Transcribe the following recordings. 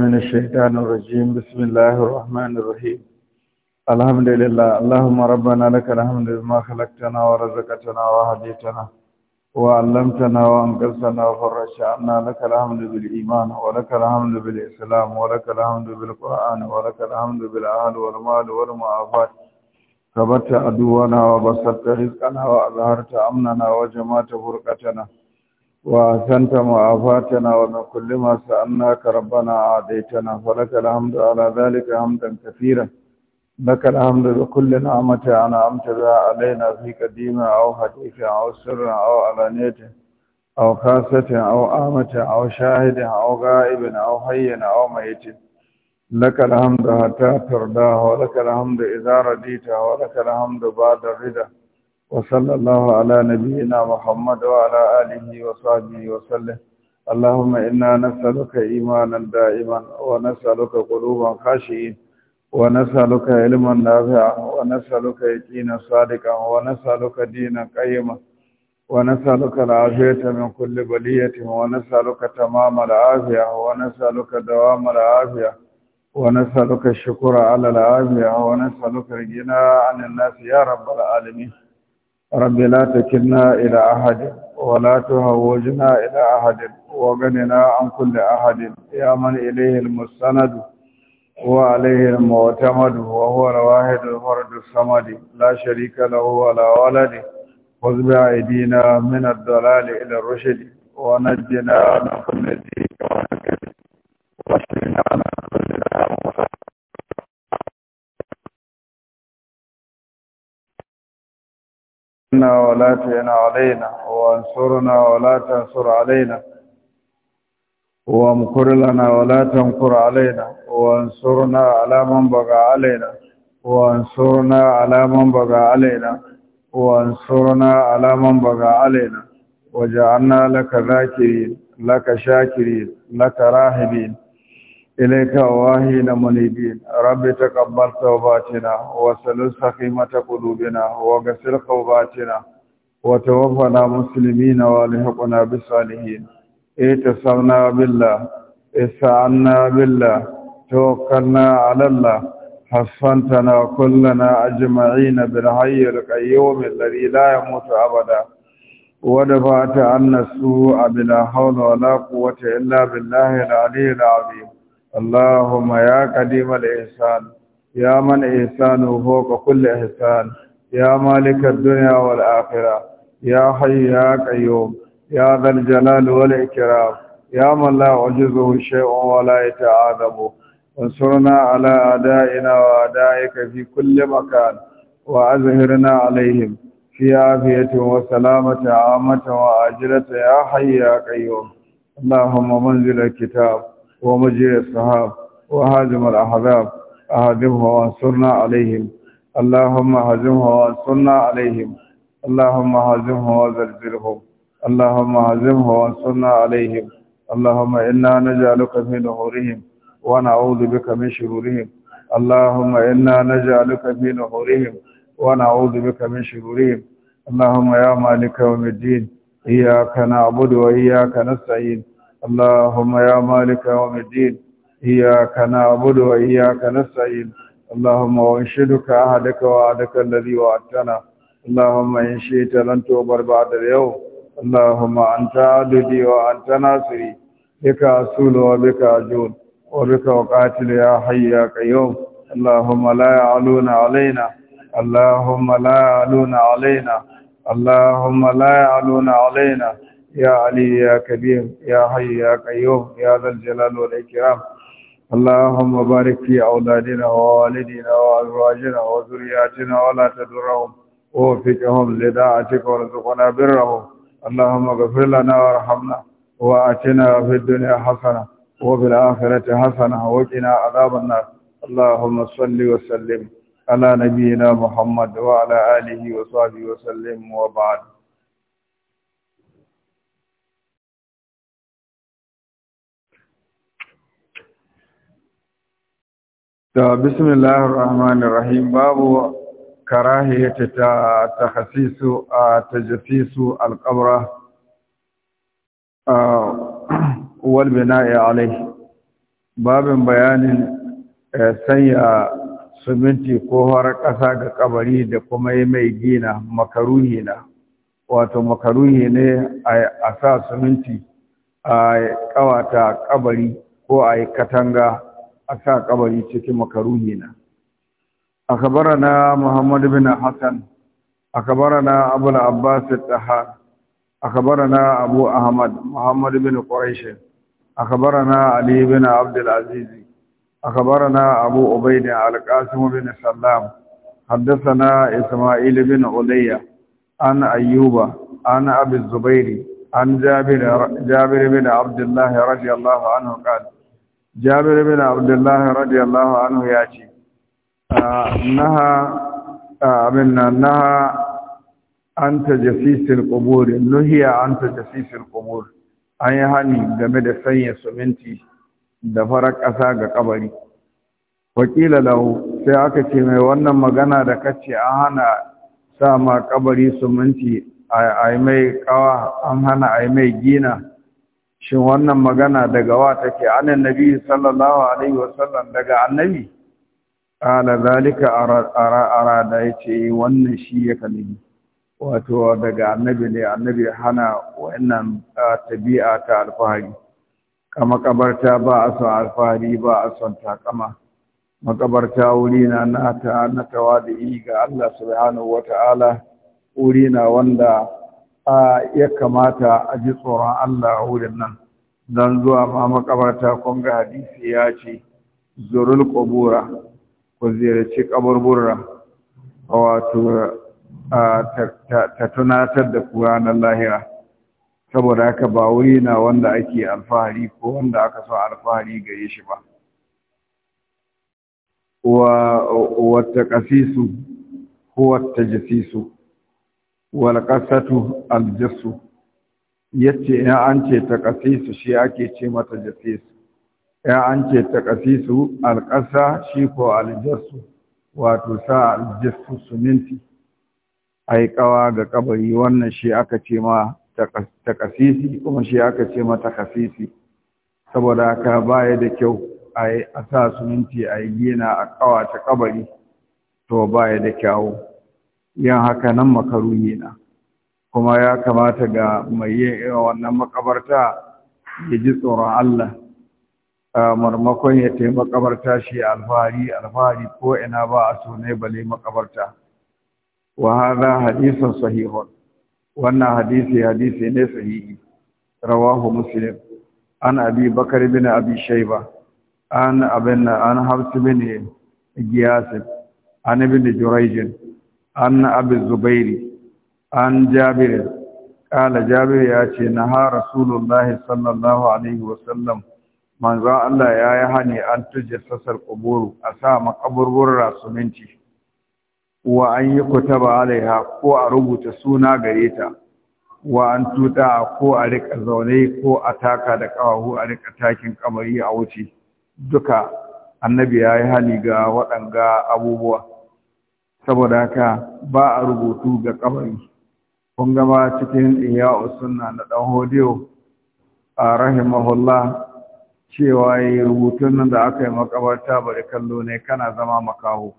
من الشيطان الرجيم بسم الله الرحمن الرحيم الحمد لله اللهم ربنا لك الحمد لما خلقتنا ورزقتنا وهديتنا وعلمتنا وانقذتنا وفرجت لك الحمد بالايمان ولك الحمد بالاسلام ولك الحمد بالقران ولك الحمد بالاهل والمال والمعافاه كبرت عدونا وبسطت رزقنا واظهرت امننا وجمعت فرقتنا وأحسنت معافاتنا ومن كل ما سألناك ربنا عاديتنا ولك الحمد على ذلك حمدا كثيرا لك الحمد بكل نعمة أنعمت بها علينا في قديمة أو حديثة أو سر أو علانية أو خاصة أو آمة أو شاهد أو غائب أو حي أو ميت لك الحمد حتى ترضاه ولك الحمد إذا رديته ولك الحمد بعد رضاه وصلى الله على نبينا محمد وعلى آله وصحبه وسلم اللهم إنا نسألك إيمانا دائما ونسألك قلوبا خاشئين ونسألك علما نافعا ونسألك يقينا صادقا ونسألك دينا قيما ونسألك العافية من كل بلية ونسألك تمام العافية ونسألك دوام العافية ونسألك الشكر على العافية ونسألك الجناء عن الناس يا رب العالمين رب لا تكلنا إلى أحد ولا تهوجنا إلى أحد وغننا عن كل أحد يا من إليه المستند وعليه المعتمد وهو الواحد الفرد الصمد لا شريك له ولا ولد خذ بأيدينا من الضلال إلى الرشد ونجنا من كل ذيك واشفنا نا ولا تعن علينا وانصرنا ولا تنصر علينا وامكر لنا ولا تمكر علينا وانصرنا على من بغى علينا وانصرنا على من بغى علينا وانصرنا على من بغى علينا وجعلنا لك ذاكرين لك شاكرين لك راهبين إليك واهين منيبين رب تقبل توباتنا وسلل سخيمة قلوبنا وقسل قوباتنا وتوفنا مسلمين والحقنا بالصالحين اتصلنا بالله استعنا بالله توكلنا على الله حصنتنا كلنا أجمعين بالحي القيوم الذي لا يموت أبدا ودفعت عنا السوء بلا حول ولا قوة إلا بالله العلي العظيم اللهم يا قديم الإحسان يا من إحسان فوق كل إحسان يا مالك الدنيا والآخرة يا حي يا قيوم يا ذا الجلال والإكرام يا من لا عجزه شيء ولا يتعاذبه وانصرنا على أدائنا وأدائك في كل مكان وأزهرنا عليهم في آفية وسلامة عامة وآجلة يا حي يا قيوم اللهم منزل الكتاب ومجيء الصحاب وهاجم الأحزاب أهدمها وانصرنا عليهم اللهم هزمها وانصرنا عليهم اللهم هزمها وزلزلهم اللهم هزمها وانصرنا عليهم اللهم إنا نجعلك في نحورهم ونعوذ بك من شرورهم اللهم إنا نجعلك في نحورهم ونعوذ بك من شرورهم اللهم يا مالك يوم الدين إياك نعبد وإياك نستعين اللهم يا مالك يوم الدين إياك نعبد وإياك نستعين اللهم وانشدك أهدك وعدك الذي وعدتنا اللهم إن شئت لن تؤبر بعد اليوم اللهم أنت عددي وأنت ناصري بك أصول وبك أجول وبك أقاتل يا حي يا قيوم اللهم لا يعلون علينا اللهم لا يعلون علينا اللهم لا يعلون علينا يا علي يا كريم يا حي يا قيوم يا ذا الجلال والإكرام اللهم بارك في أولادنا ووالدنا وأزواجنا وذرياتنا ولا تدرهم ووفقهم لداعتك ورزقنا برهم اللهم اغفر لنا وارحمنا وآتنا في الدنيا حسنة وفي الآخرة حسنة وقنا عذاب النار اللهم صل وسلم على نبينا محمد وعلى آله وصحبه وسلم وبعد ta bismillahir rahmanir rahim babu karahiyata ta takhasisu a tajfisu alqabra wal bina'i alayhi babin bayanin eh, sanya suminti ko har ƙasa ga kabari da kuma yi mai gina makaruhi na wato makaruhi ne a sa suminti a ƙawata kabari ko a yi katanga aka kabari cikin makaruhi na akabarana muhammad bin hasan akabarana abul abbas taha akabarana abu ahmad muhammad bin quraish akabarana ali bin abdul aziz akabarana abu ubayd al bin sallam حدثنا اسماعيل بن علي عن ايوب عن ابي الزبير عن جابر جابر بن عبد الله رضي الله عنه jabir bin abdullah radiyallahu anhu ya ce naha abin nan naha an tajasisil qubur nuhiya an tajasisil kubur an yi hani game da sanya suminti da farar ƙasa ga ƙabari, wakila lahu sai aka ce mai wannan magana da kace an hana sa ma kabari suminti a yi kawa an hana a yi mai gina shin wannan magana daga wa take anan nabi sallallahu alaihi wasallam daga annabi ala zalika da yace eh, wannan shi ya kalli wato daga annabi ne annabi hana wannan tabi'a ta alfahari kama kabarta ba a son alfahari ba a son takama makabarta wuri na na ta na tawadi ga Allah subhanahu wataala wuri na wanda ya kamata a ji tsoron Allah a wurin nan don zuwa ma makabarta kun ga hadisi ya ce zurul kubura ku ziyarci kaburbura wato ta tunatar da ku ranar lahira saboda haka ba wuri na wanda ake alfahari ko wanda aka so alfahari gare shi ba wa wata kasisu ko wata jisisu walƙasatu aljasu yace ya an ce ƙasisu shi ake ce mata jasis Ya an ce ƙasisu alƙasa shi ko aljasu wato sa aljasu suminti ai kawa ga ƙabari wannan shi aka ce ma ƙasisi kuma shi aka ce ma ƙasisi saboda haka baya da kyau a sa suminti yi gina a ƙawa ta ƙabari, to baya da kyawu yin haka nan makaruni na kuma ya kamata ga mai yin wannan makabarta ya ji tsoron Allah A marmakon ya taimaka makabarta shi alfahari alfahari ko ina ba a sunai bale makabarta wa hadha hadithun sahihun wannan hadisi hadisi ne sahihi rawahu muslim an abi bakar bin abi shaiba an abin an hafs bin giyasin an ibn jurayj an abi zubairi an jabir kala jabir ya ce na ha rasulullahi sallallahu alaihi wasallam manzo Allah ya yi hani an tuje sasar kuburu a sa makaburburan rasuminci Uwa an yi kutaba alaiha ko a rubuta suna gareta? Uwa wa an tuta ko a rika zaune ko a taka da kawahu a rika takin kamari a wuce duka annabi ya yi hani ga waɗanga abubuwa saboda haka ba a rubutu ga kamari kun gama cikin iya sunna na dan hodiyo a rahimahullah cewa yi rubutun nan da aka yi makabarta bari kallo ne kana zama makaho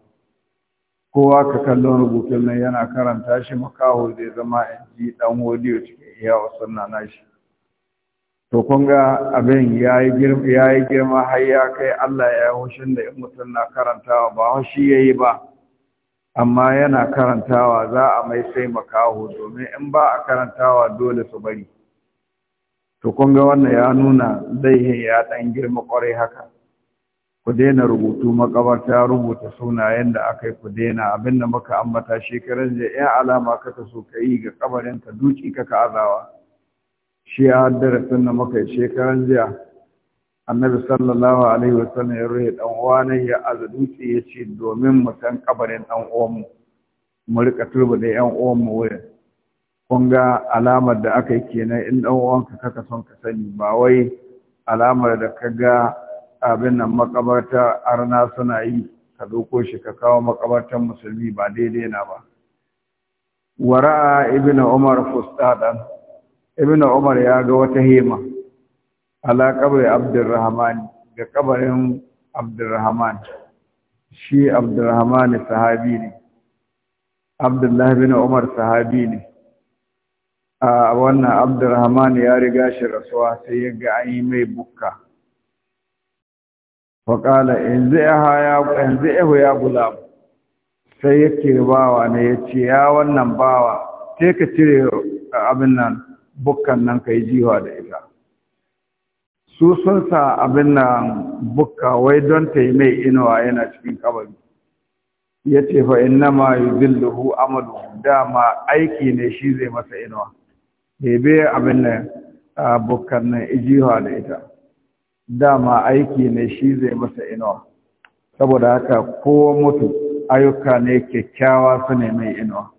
kowa ka kallon rubutun nan yana karanta shi makaho zai zama ji dan hodiyo cikin iya sunna na shi to kun ga abin ya yi girma har ya kai Allah ya yi hushin da in mutum na karantawa ba shi ya yi ba amma yana karantawa za a mai sai makaho domin in ba a karantawa dole su bari to kun ga wannan ya nuna laihin ya dan girma kwarai haka ku daina rubutu makabarta rubuta sunayen da aka yi ku daina abinda muka ambata shekaran da ya alama ka ta so ka yi ga kabarin ka duci ka ka azawa shi ya haddara sunna muka yi shekaran jiya annabi sallallahu alaihi sallam ya ruhe dan uwana ya azduci ya ce domin mu san kabarin dan uwan mu mu rika turba da yan uwan mu wurin kun ga alamar da aka yi kenan in dan uwanka kaka son ka sani ba wai alamar da ka ga abin nan makabarta arna suna yi ka doko shi ka kawo makabartar musulmi ba daidai na ba Wara ibnu umar fustadan ibnu umar ya ga wata hima. ala kabri abdurrahman ga kabarin abdurrahman shi abdurrahman sahabi ne abdullahi bin umar sahabi ne a wannan abdurrahman ya riga shi rasuwa sai ya ga an yi mai bukka faƙala yanzu ya gulam sai yake bawa na ya ce ya wannan bawa sai ka cire abin nan bukkan nan ka yi jiwa da ita su sun sa abin nan bukka wai don ta yi mai inuwa yana cikin kabari ya ce fa inna ma yi zilluhu amalu dama aiki ne shi zai masa inuwa Hebe abin nan bukkan nan ijiwa da ita dama aiki ne shi zai masa inuwa saboda haka kowa mutu ayyuka ne kyakkyawa su ne mai inuwa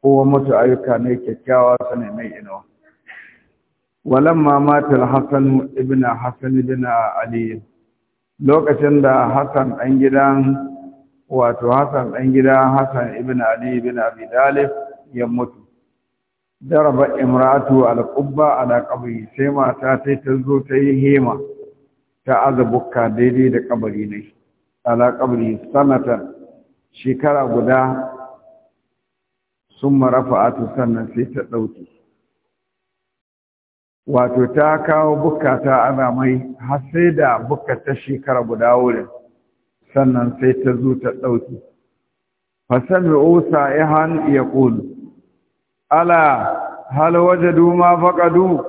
kowa mutu ayyuka ne kyakkyawa su ne mai inuwa walamma matal hasan ibn hasan ibn ali lokacin da hasan dan gidan wato hasan ibn ali ibn abi talib ya mutu daraba imratu al-qubba ala qabri sai mata ta ta zo ta yi hema ta azabukka daidai da kabari ne ala qabri shekara guda sun marafa'atu sannan sai ta dauke wato ta kawo bukkata ana mai har sai da bukata shekara guda wurin sannan sai ta zo ta ɗauki fasami usa ihan ya ƙulu ala hal wajadu ma faqadu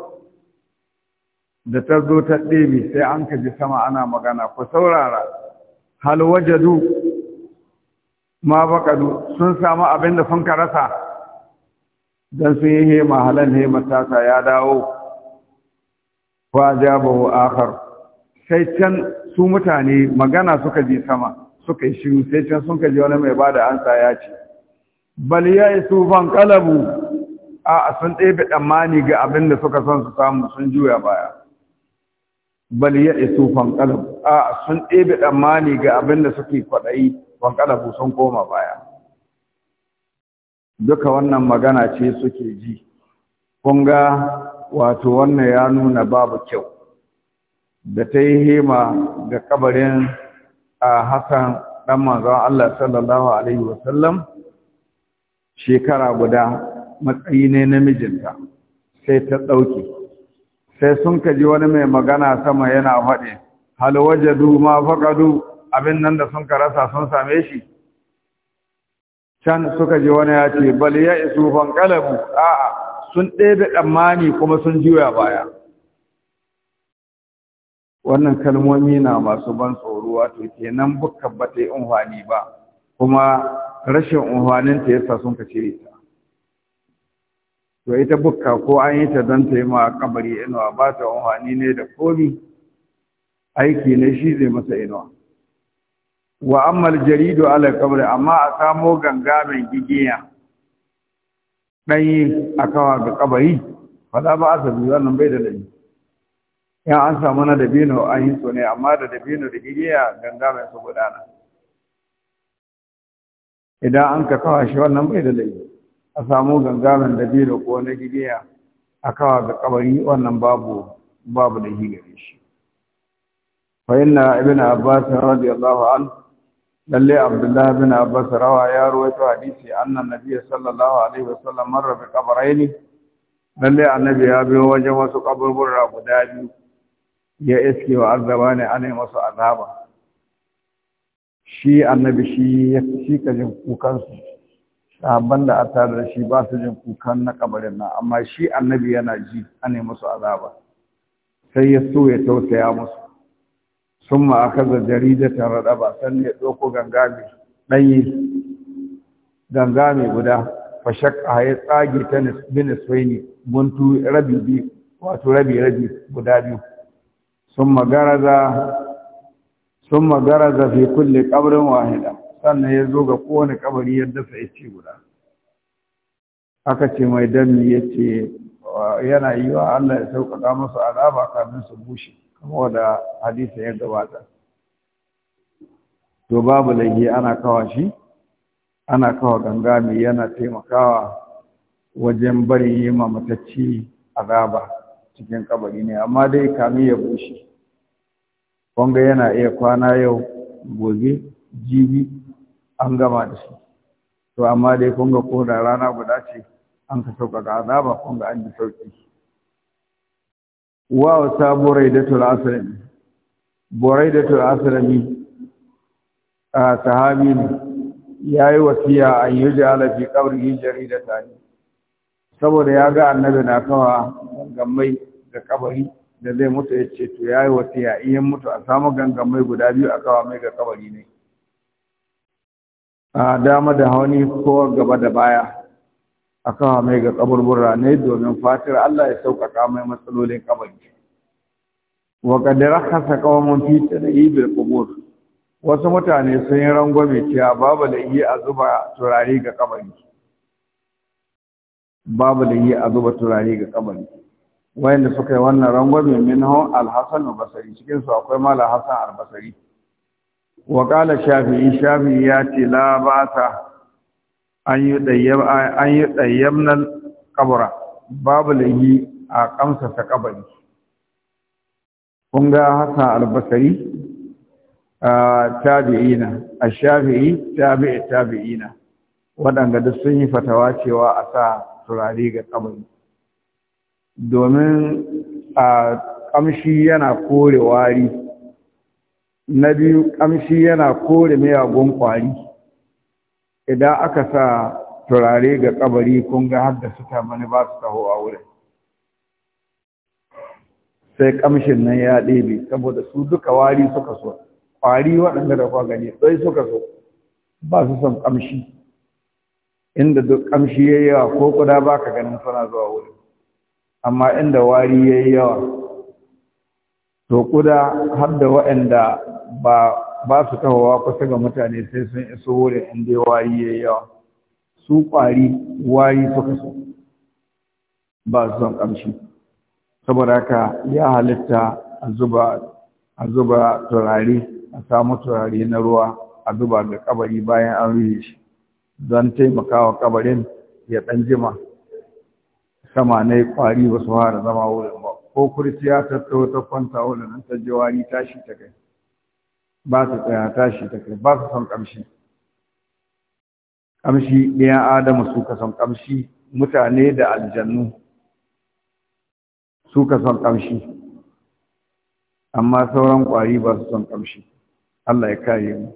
da ta zo ta ɗebe sai an ka sama ana magana ku saurara hal wajadu ma faqadu sun samu abin da sun ka dan sun yi hema halan hema tasa ya dawo fa jabahu akhar sai can su mutane magana suka ji sama suka yi shiru sai can sun kaji wani mai bada ansa ya ce bal ya isu ban qalabu a sun ɗebe tsammani ga abin da suka son su samu sun juya baya bal ya isu ban qalabu a sun ɗebe tsammani ga abin da suke kwaɗayi ban qalabu sun koma baya duka wannan magana ce suke ji kun ga wato wannan ya nuna babu kyau da ta yi hema ga kabarin a Hassan ɗan manzon Allah sallallahu Alaihi wasallam shekara guda matsayi ne namijinta sai ta ɗauki sai sun kaji wani mai magana sama yana faɗi hal wajadu ma faƙadu abin nan da sun rasa sun same shi can suka ji wani ya ce bal ya isu ban a'a sun ɗaya da tsammani kuma sun juya baya wannan kalmomi na masu ban tsoro wato nan bukka ba ta yi unhwani ba kuma rashin unhwaninta ya yasa sun ka cire ta to ita bukka ko an yi ta don ta yi ma kabari inuwa ba ta unhwani ne da komi aiki ne shi zai masa inuwa wa ammal jaridu ala amma a samo ganga mai gigiya ɗanyi a kawa ga ƙabari, faɗa ba a sabi wannan bai da ɗanyi yan an samu na dabino an yi so ne amma da dabino da igiya ganga mai su gudana idan an ka kawa shi wannan bai da ɗanyi a samu ganga mai dabino ko na igiya a kawa ga ƙabari wannan babu babu da shi gare shi fa inna ibnu abbas radiyallahu anhu lalle abdullah bin abbas rawa ya rawaito hadisi annan nabiy sallallahu alaihi wasallam marra bi qabrayni lalle annabi ya bi wajen wasu kaburbura guda biyu ya iske wa azaba ne ana masu azaba shi annabi shi shi ka jin kukan su sahabban da a tare da shi ba su jin kukan na kabarin nan amma shi annabi yana ji ana masu azaba sai ya so ya tausaya musu sun ma'akaza jaridata raɗaba sannan da ɗauko gangame ɗanyi gangame guda a ya tsage ta biniswaini guntu rabi biyu wato rabi rabi guda biyu sun garaza fi kulle ƙabarin wahida sannan ya zo ga kowane kabari yadda sa ya ce guda aka ce mai danni ya ce yana yi wa Allah ya sauƙaƙa masu azaba kafin su bushe kamar da hadisi ya gabata to babu laifi ana kawa shi ana kawa gangami yana taimakawa wajen bari yi mamatacci azaba cikin kabari ne amma dai kami ya bushe wanga yana iya kwana yau gobe jibi an gama da shi to amma dai kunga ko da rana guda ce an ka sauƙaƙa azaba kunga an ji sauƙi wa sa buraidatul aslami buraidatul aslami a ya yi wasiya an yuj'ala fi qabrihi jaridatan saboda ya ga annabi na kawa gangamai da kabari da zai mutu ya ce to ya yayi wasiya in mutu a samu gangamai guda biyu a kawa mai ga kabari ne a dama da hauni ko gaba da baya a kawo mai ga kaburbura ne domin fatar Allah ya sauƙaƙa mai matsalolin kabari wa kadara hasa ƙawamun fita da ibil kubur wasu mutane sun yi rangwame cewa babu da yi a zuba turare ga kabari babu da yi a zuba turare ga kabari wayanda suka yi wannan rangwame mai al Alhassan al-basri cikin su akwai mala Hassan al wa ƙala shafi'i shafi'i ya ce la ba ta an yi nan ƙabura. babu lahi a kamsasa ƙabari kun ga albasari a tabi'ina a shafi'i tabi'i tabi'ina waɗanda duk sun yi fatawa cewa a sa turare ga ƙabari. domin a ƙamshi yana kore wari na biyu ƙamshi yana kore miyagun kwari idan aka sa turare ga kabari kun ga har da suka mani ba su taho a wurin sai kamshin nan ya ɗebe saboda su duka wari suka so kwari waɗanda da kwa gani ɗai suka so ba su son kamshi inda duk kamshi ya yi yawa ko kuda ba ka ganin suna zuwa wuri amma inda wari ya yi yawa to kuda har da waɗanda ba ba su tahowa kusa ga mutane sai sun iso wurin inda wari ya yawa su kwari wari suka so ba su son ƙamshi saboda haka ya halitta a zuba turare a samu turare na ruwa a zuba ga kabari bayan an rufe shi don taimakawa kabarin ya ɗan jima sama na kwari ba su fara zama wurin ba ko kurciya ta ta kwanta wurin ta jiwari tashi ta kai ba su tsaya tashi ta kai ba su son kamshi kamshi ɗaya adamu su ka son kamshi mutane da aljannu su ka son kamshi amma sauran ƙwari ba su son kamshi Allah ya kare mu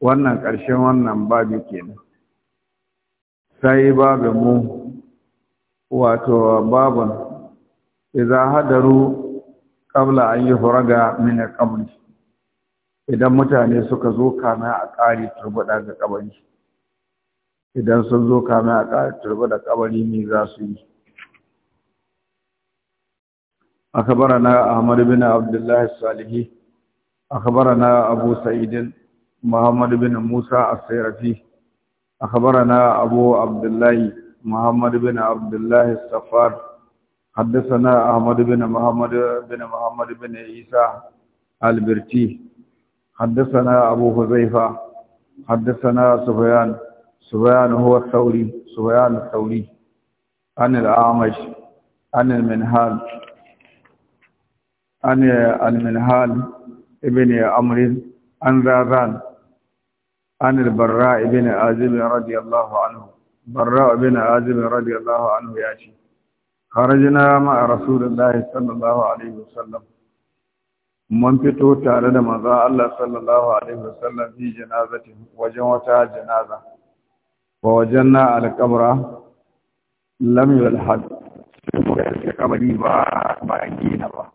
wannan ƙarshen wannan babu kenan sai babu mu wato babun idza hadaru qabla an yufraga min al-qabri idan mutane suka zo kame a ƙari turbada ga ƙabari idan sun zo kame a ƙari turbada ƙabari ne za su yi na ahmad bin abdullahi salihi na abu sa'idin muhammad bin musa asirafi na abu abdullahi muhammad bin abdullahi safar حدثنا أحمد بن محمد بن محمد بن عيسى البرتي حدثنا أبو هزيفة حدثنا سبيان سبيان هو الثوري سبيان الثوري عن الأعمش عن المنهال عن المنهال ابن عمرو عن ذاذان عن البراء بن آزم رضي الله عنه براء بن آزم رضي الله عنه شيخ خرجنا مع رسول الله صلى الله عليه وسلم mun fito tare da manzo Allah sallallahu alaihi wasallam fi janazati wajen wata janaza wa wajen na alkabra lam yulhad sai mu ba ba gina ba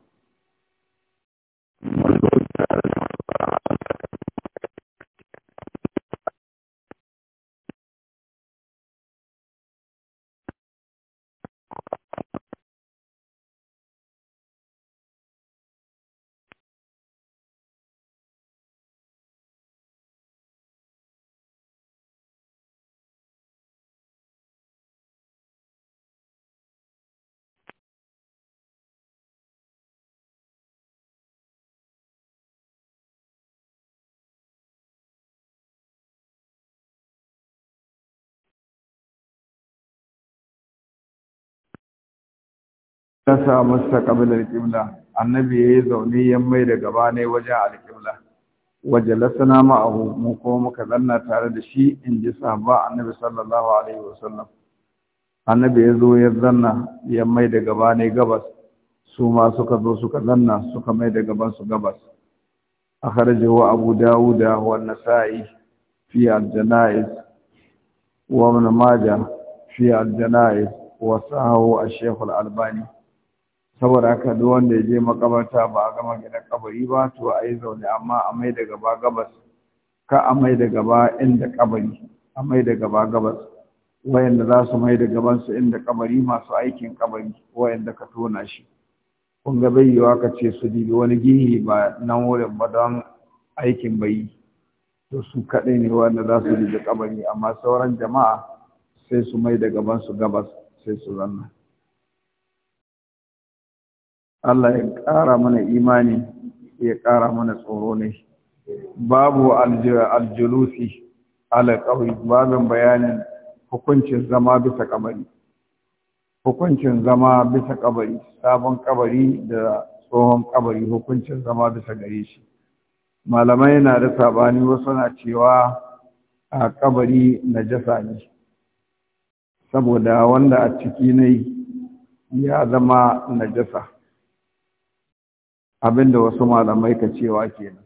sa masa kabilar kibla annabi ya yi zaune ya mai da gaba ne wajen alkibla waje lasana ma'ahu mu kuma muka zanna tare da shi in ji sahaba annabi sallallahu alaihi wasallam annabi ya zo ya zanna ya mai da gaba ne gabas su ma suka zo suka zanna suka mai da gaban su gabas A wa abu dawuda wa nasai fi aljana'iz wa mana maja fi aljana'iz wa a shekul albani saboda haka duk wanda ya je makabarta ba a gama gidan kabari ba to a yi zaune amma a mai da gaba gabas ka a mai da gaba inda kabari a mai da gaba gabas wayanda za su mai da gaban su inda kabari masu aikin kabari wayanda ka tona shi kun ga yiwa ka ce su dibi wani gini ba nan wurin ba don aikin bayi to su kaɗai ne wanda za su dibi kabari amma sauran jama'a sai su mai da gaban su gabas sai su zanna Allah ya ƙara mana imani ya ƙara mana tsoro ne babu aljulusi ala qawi babin bayanin hukuncin zama bisa kabari hukuncin zama bisa kabari sabon kabari da tsohon kabari hukuncin zama bisa gare shi malamai na da sabani wasu na cewa a kabari jasa ne saboda wanda a ciki ne ya zama najasa abinda wasu malamai ka cewa kenan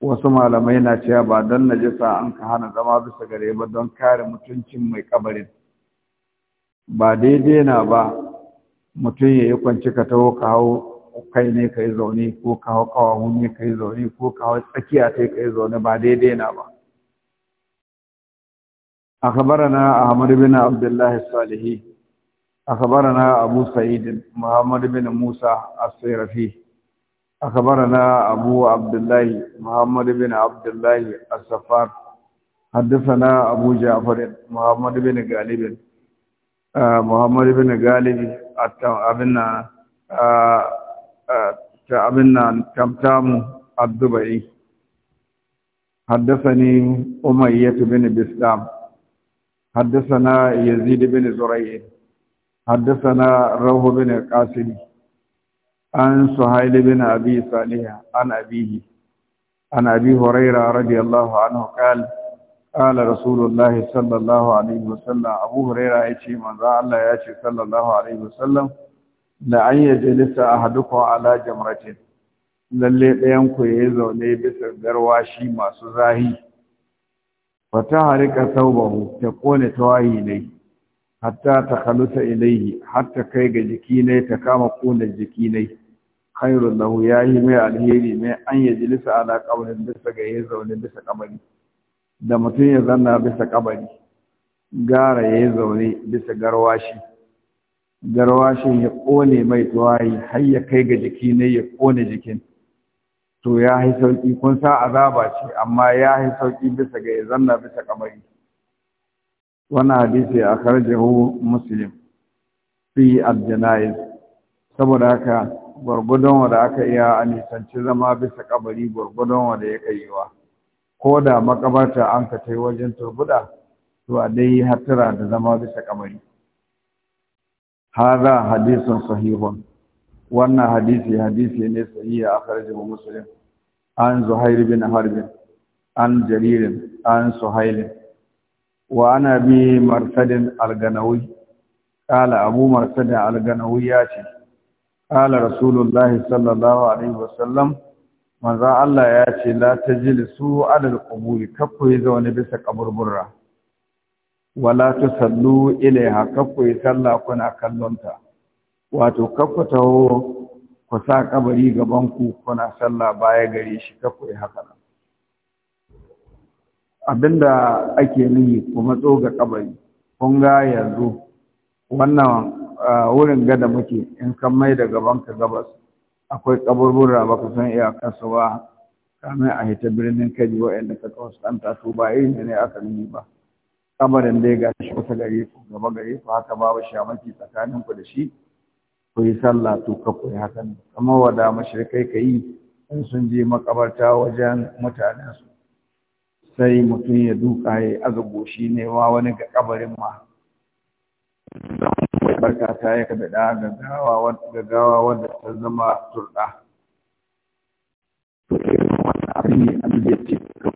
wasu malamai na cewa ba don najasa an ka hana zama bisa gare ba don kare mutuncin mai kabarin ba daidai na ba mutum ya yi kwanci ka taho ka hau kai ne ka yi zaune ko ka hau kawahun ne ka yi zaune ko ka hau tsakiya ta ka yi zaune ba daidai na ba أخبرنا na بن bin Abdullahi salihi أخبرنا أبو سعيد محمد بن موسى السيرفي أخبرنا أبو عبد الله محمد بن عبد الله السفار حدثنا أبو جعفر محمد بن غالب محمد بن غالب أبنا أبنا تمتام الدبئي حدثني أمية بن بسلام حدثنا يزيد بن زريع حدثنا روح بن القاسم عن سهيل بن ابي صالح عن أبيه عن ابي هريره رضي الله عنه قال قال رسول الله صلى الله عليه وسلم ابو هريره يشي من ذا الله يشي صلى الله عليه وسلم لأن يجلس أحدكم على جمرة للي ɗayan ku ya zaune ما garwashi masu zahi fata harika saubahu ta hatta ta kaluta ilaihi hatta kai ga jiki ne ta kama kone jiki ne khairun lahu yayi mai alheri mai an ya jilisa ala kabarin bisa ga yayi zaune bisa kabari da mutum ya zanna bisa kabari gara yayi zaune bisa garwashi garwashin ya kone mai tuwayi har ya kai ga jiki ne ya kone jikin to ya yi sauki kun sa azaba ce amma ya yi sauki bisa ga ya zanna bisa kabari wannan hadisi a karjahu muslim fi aljanayiz saboda haka gwargwadon wanda aka iya a nisanci zama bisa kabari gwargwadon wanda ya kaiwa ko da makabarta an ka tai wajen turbuda to a dai hattara da zama bisa kabari hada hadisin sahihun wannan hadisi hadisi ne sahihi a karjahu muslim an zuhair bin harbin an jaririn an suhailin wa ana bi marsadin alganawi kala abu marsadin alganawi yace. ce kala sallallahu alaihi wasallam manzan Allah yace, Lata la ta jilisu alal kuburi kakku zaune bisa kaburburra wala ta sallu ilaiha kakku yi sallah kuna kallonta wato kakku taho ku sa kabari gabanku kuna sallah baya gare shi kakku yi haka abinda ake nihi ku matso ga kabari kun ga yanzu wannan ah, wurin gada muke in kan mai da gaban ka gabas akwai kaburbura ba ku san kasu ba kamin a hita birnin kaji wa'anda ka kawo su ba yi ne aka nuni ba kamarin dai ga shi kusa gare ku gaba gare ku haka babu shamaki tsakanin ku da shi ku yi sallah to ka ku yi hakan kamar wada mashirkai ka yi in sun je makabarta wajen su. sai mutum ya duka ya azubo shi ne wa wani ga kabarin ma barka ta yi ka daɗa gaggawa gawa wanda ta zama turɗa. to irin abin ne abin da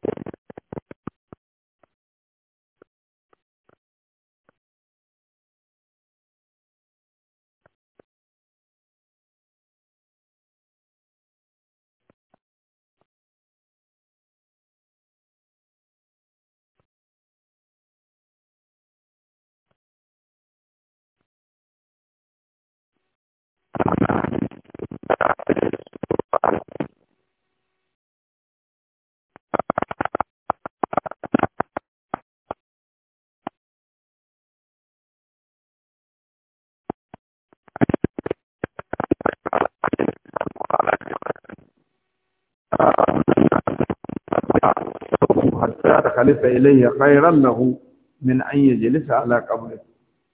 jalisa ilayya khairan lahu min an yajlisa ala qabri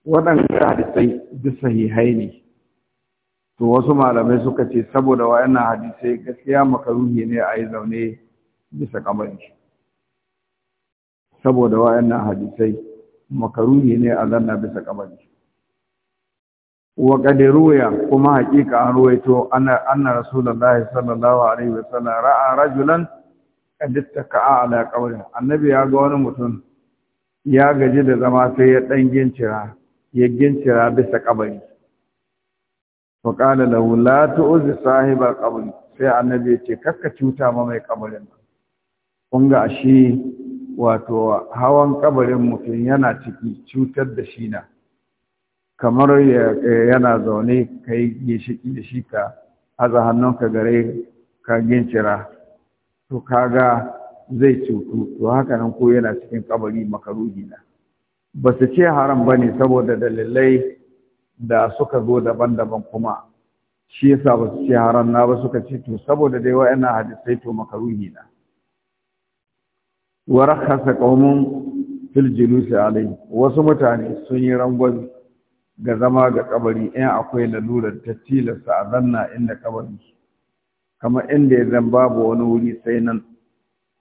waɗanda hadisai duk sahihai ne to wasu malamai suka ce saboda wayannan hadisai gaskiya makaruhi ne a yi zaune bisa kabari saboda wayannan hadisai makaruhi ne a zanna bisa kabari wa qadiruya kuma hakika an ruwaito anna anna rasulullahi sallallahu alaihi wasallam ra'a rajulan dittaka ala qaurin annabi ya ga wani mutum ya gaji da zama sai ya dan gincira ya gincira bisa kabari fa kana lahu la tu'zi sahiba qabri sai annabi ya ce kakka cuta ma mai kabarin kun ga shi wato hawan kabarin mutum yana ciki cutar da shi na kamar yana zaune kai yi da shi ka haza hannunka gare ka gincira to kaga zai cutu to haka nan ko yana cikin kabari makaruhi na ba su ce haram bane saboda dalilai da suka zo daban-daban kuma shi yasa ba su ce haram na ba suka ce to saboda dai wa'annan hadisai to makaruhi na wa rakhasa qaumun fil julusi alai wasu mutane sun yi rangon ga zama ga kabari in akwai lalurar ta tilasta a zanna inda kabari kamar inda ya zan babu wani wuri sai nan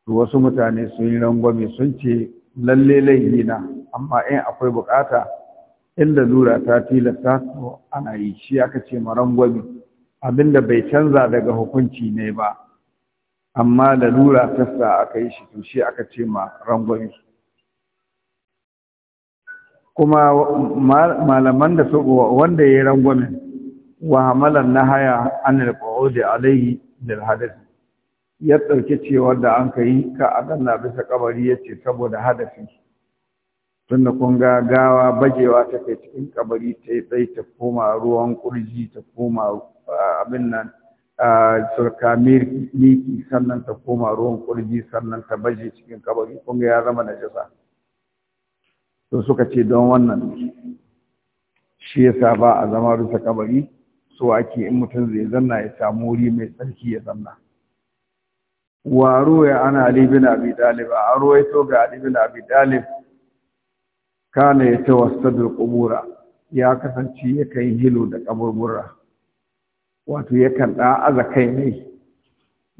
wasu mutane sun yi rangwame sun ce lalle laifi na amma in akwai bukata Inda zura ta tilasta to ana yi shi aka ce ma rangwame abinda bai canza daga hukunci ne ba amma lalura ta sa aka yi shi to shi aka ce ma rangwame kuma malaman da su wanda ya yi rangwame wa hamalan haya an alqaudi alaihi lil hadath ya ɗauki cewar da an ka yi ka na bisa kabari yace saboda hadafi tun da kun ga gawa bajewa ta kai cikin kabari ta yi tsaye ta koma ruwan kurji ta koma abin nan surka miki sannan ta koma ruwan kurji sannan ta baje cikin kabari kun ga ya zama na jasa to suka ce don wannan shi yasa ba a zama bisa kabari so ake in mutum zai zanna ya samu wuri mai tsarki ya zanna waro ya ana ali abi dalib a ruwaito ga ali bin abi dalib kana ya tawassadul qubura ya kasance ya yi hilo da kaburbura wato yakan da aza kai ne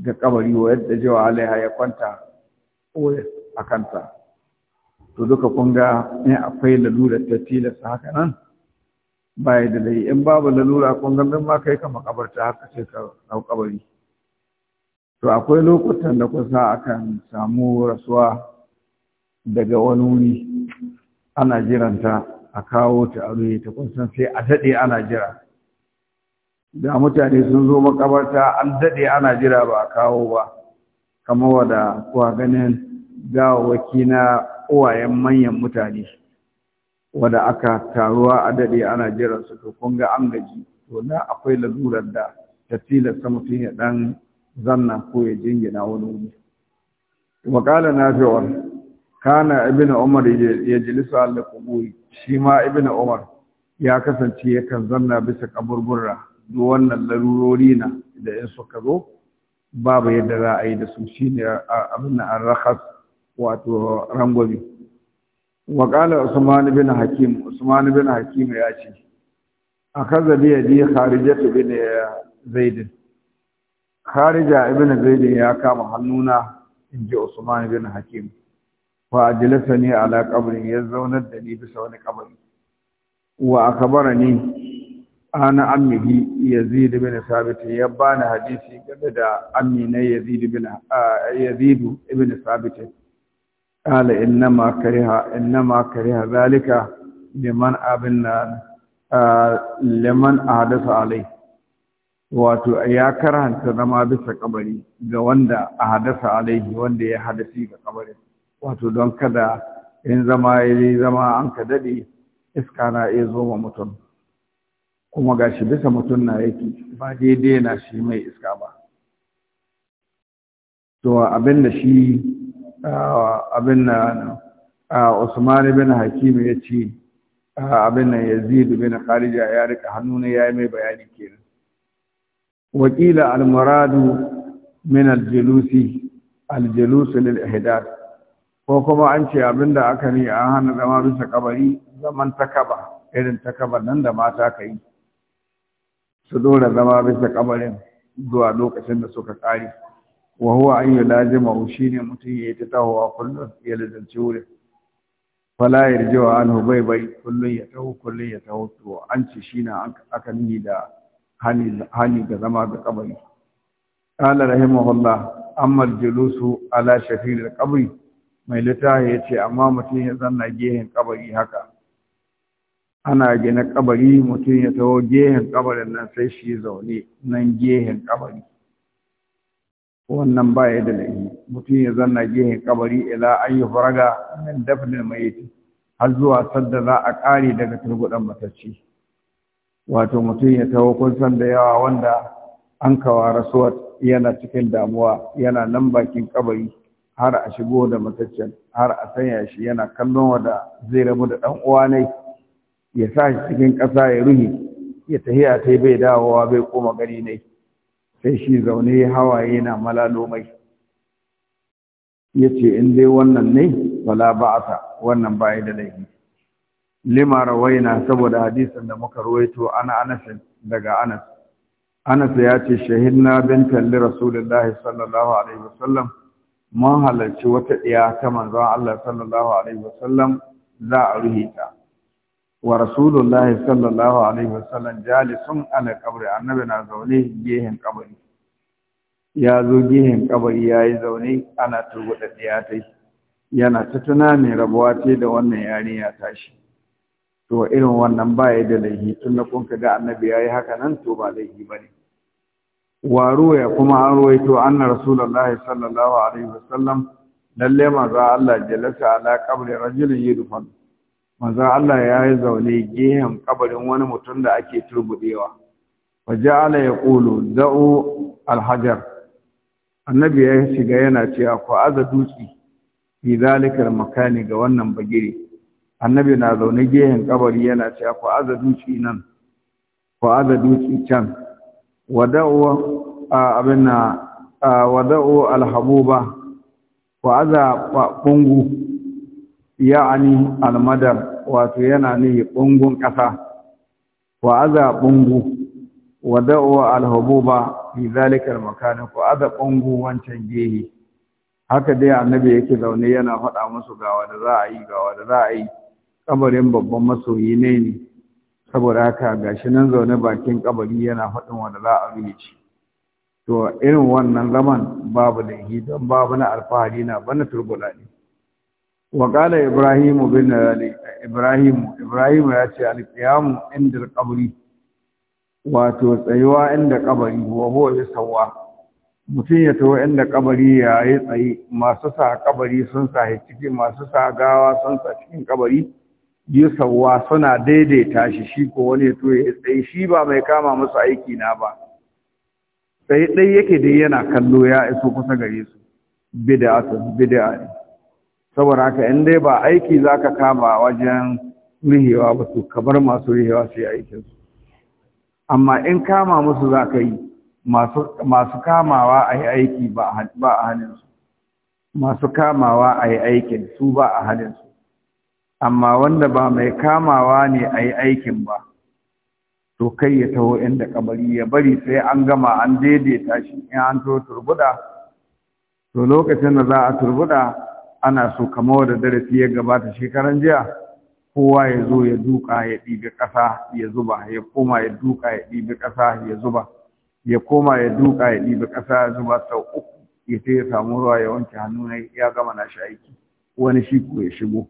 ga kabari wa yadda jawa alaiha ya kwanta ko a kanta to duka kun ga in akwai lalurar ta tilasta haka nan baya da dai in babu lalura kun ga ma kai ka makabarta haka ce ka hau kabari to akwai lokutan da kusa akan samu rasuwa daga wani wuri ana jiranta a kawo ta a ruye ta kunsan sai a daɗe ana jira da mutane sun zo makabarta an daɗe ana jira ba a kawo ba kamar wada kuwa ganin gawawaki na uwayen manyan mutane wanda aka taruwa a daɗe ana jiran su to kun ga an gaji to na akwai lalurar da ta tilasta mutum ya ɗan zanna ko ya jingina wani wuri Makala na fi fi'or kana ibn umar ya jilisa ala kuburi shi ma ibn umar ya kasance yakan zanna bisa kaburbura duk wannan larurori na da in suka zo babu yadda za a yi da su shine abin na an rakas wato rangwami waƙala usman bin hakim usman bin hakim ya ce a kaza biya ji kharija bin zaid kharija ibn zaid ya kama hannuna in ji usman bin hakim fa ajlasani ala qabri ya zaunar da ni bisa wani kabari wa akbarani ana ammihi yazid bin sabit ya bani hadisi game da ammi Yazidu yazid bin yazid قال إنما كره إنما كره ذلك لمن أبن liman ahadasa alai wato ya karanta zama bisa kabari ga wanda ahadasa alaihi wanda ya hadasi ga kabari wato don kada in zama yi zama an ka iska na iya zo ma mutum kuma gashi bisa mutum na yake ba daidai na shi mai iska ba to abin da shi abin na Usman bin Hakim ya ce abin nan Yazid bin Kharija ya rika hannu ne yayi mai bayani kenan wakila al-muradu min al-julusi al-julus lil-ihdad ko kuma an ce abin da aka ne an hana zama bisa kabari zaman takaba irin takaba nan da mata ka su dora zama bisa kabarin zuwa lokacin da suka kare wa huwa an yulazima ne mutum ya yi ta tahowa kullum ya lalace wurin fala wa anhu bai bai kullum ya taho kullum ya taho to an ce na aka nihi da hani ga zama ga kabari qala rahimahullah amma julusu ala shafir da mai littafi ce, amma mutum ya zanna gehen kabari haka ana gina kabari mutum ya taho gehen kabarin nan sai shi zaune nan gehen kabari wannan ba ya da laifi mutum ya zanna gehen kabari ila an yi faraga min dafnin mayiti har zuwa sanda za a ƙare daga turgudan matacci wato mutum ya taho kun san da yawa wanda an kawa rasuwar yana cikin damuwa yana nan bakin kabari har a shigo da mataccen har a sanya shi yana kallon wanda zai rabu da ɗan uwa ne ya sa shi cikin ƙasa ya ruhi ya tahiya ta bai dawowa bai koma gari ne sai shi zaune hawaye na malalo mai yace in dai wannan ne wala ba'ata wannan bai da laifi lima rawaina saboda hadisin da muka ruwaito ana Anas daga Anas Anas ya ce shahidna bintan li Rasulullahi sallallahu alaihi wasallam mun halarci wata ɗiya ta manzon Allah sallallahu alaihi wasallam za a ruhita wa rasulullahi sallallahu alaihi wasallam jalisun ala qabri annabi na zaune gehen kabari ya zo gehen kabari ya yi zaune ana turbuɗa ɗiyatai yana ta tunanin rabuwa ce da wannan yari ya tashi to irin wannan ba ya da laifi, tun da kun ga annabi ya yi haka nan to ba laihi bane ne waro ya kuma an ruwaito anna rasulullahi sallallahu alaihi wasallam lalle za Allah jalasa ala qabri rajulin yudfanu Maza Allah ya yi zaune gehen kabarin wani mutum da ake turbudewa wa ja'ala yaqulu da'u al-hajar annabi ya shiga yana cewa ku aza dutsi fi zalikal makani ga wannan bagire annabi na zaune gehen kabari yana cewa ku aza dutsi nan ku aza dutsi can wada'u abinna wada'u al-habuba ku aza bungu ya'ani almadar wato yana ne bungun ƙasa wa aza bungu wa da'wa alhububa fi zalika almakan ku aza bungu wancan gehe haka dai annabi yake zaune yana faɗa musu ga wanda za a yi ga wanda za a yi kabarin babban masoyi ne ne saboda haka gashi nan zaune bakin kabari yana faɗin wanda za a ruye to irin wannan zaman babu da hidan babu na alfahari na bana turbula wa qala ibrahimu bin ibrahimu ibrahimu ya ce al-qiyamu inda al wato tsayuwa inda kabari wa huwa yasawwa mutum ya tawo inda kabari ya yi tsaye masu sa kabari sun sa ciki masu sa gawa sun sa cikin kabari sauwa suna daidaita shi shi ko wani ya tawo ya tsaye shi ba mai kama musu aiki na ba tsaye ɗaya yake dai yana kallo ya iso kusa gare su bid'a bid'a saboda haka in dai ba aiki za ka kama wajen rihewa ba su kabar masu rihewa su yi aikinsu amma in kama musu za ka yi masu kamawa a yi aiki ba a hannunsu masu kamawa a yi aikin su ba a hannunsu amma wanda ba mai kamawa ne a yi aikin ba to kai ya taho inda kabari ya bari sai an gama an daidaita shi in an to turbuda to lokacin da za a turbuda ana so kamar da darasi ya gabata shekaran jiya kowa ya zo ya duka ya ɗibi ƙasa ya zuba ya koma ya duka ya ɗibi ƙasa ya zuba ya koma ya duka ya ɗibi ƙasa ya zuba sau uku ya ta ya samu ruwa ya wanke hannu na ya gama na shi aiki wani shi ko ya shigo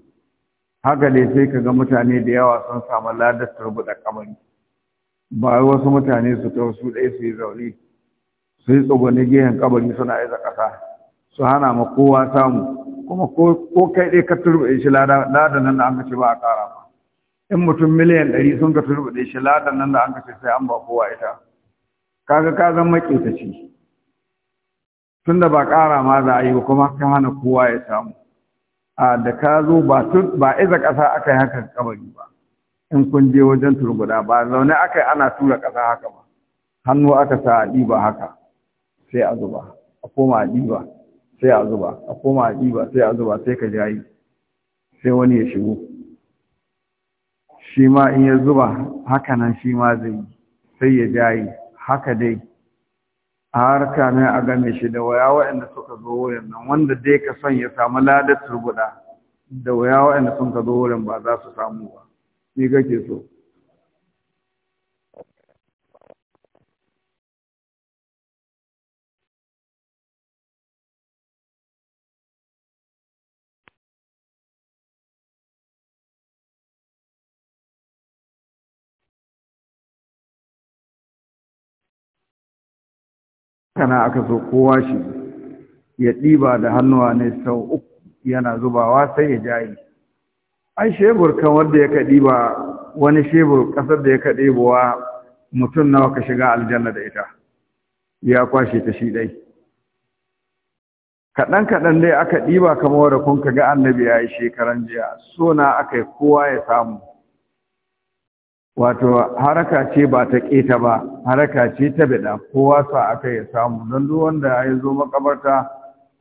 haka dai sai ka ga mutane da yawa sun samu ladar da kamari ba wasu mutane su ta wasu ɗaya su yi zaune su yi tsogoni gehen kabari suna aiza ƙasa su hana ma kowa samu kuma ko kai ɗai ka turbe shi ladan nan da an kace ba a ƙara ba in mutum miliyan ɗari sun ka turbe shi ladan nan da an kace sai an ba kowa ita kaga ka zama ƙetaci tunda ba ƙara ma za a yi ba kuma ka hana kowa ya samu a da ka zo ba ba iza ƙasa aka yi haka kabari ba in kun je wajen turguda ba zaune aka yi ana tura ƙasa haka ba hannu aka sa a ɗiba haka sai a zuba a koma a ɗiba sai a zuba a koma a ɗiba sai a zuba sai ka jayi sai wani ya shigo shi ma in ya zuba haka nan shi ma zai yi sai ya jayi haka dai a harka ne a game shi da waya waɗanda suka zo wurin nan wanda dai ka son ya samu ladar turbuɗa da waya waɗanda sun ka zo wurin ba za su samu ba ni kake so kana aka so kowa shi ya ɗiba da hannuwa ne sau uku yana zubawa sai ya jayi An shebur kan wanda ya ka ɗiba wani shebur ƙasar da ya kaɗe buwa mutum nawa ka shiga aljanna da ita ya kwashe ta shi ɗai kaɗan kaɗan dai aka ɗiba kamar da kun ka ga annabi ya yi shekaran jiya so na aka yi kowa ya samu wato haraka ce ba ta keta ba haraka ce ta bida kowa sa aka ya samu don duk wanda ya zo makabarta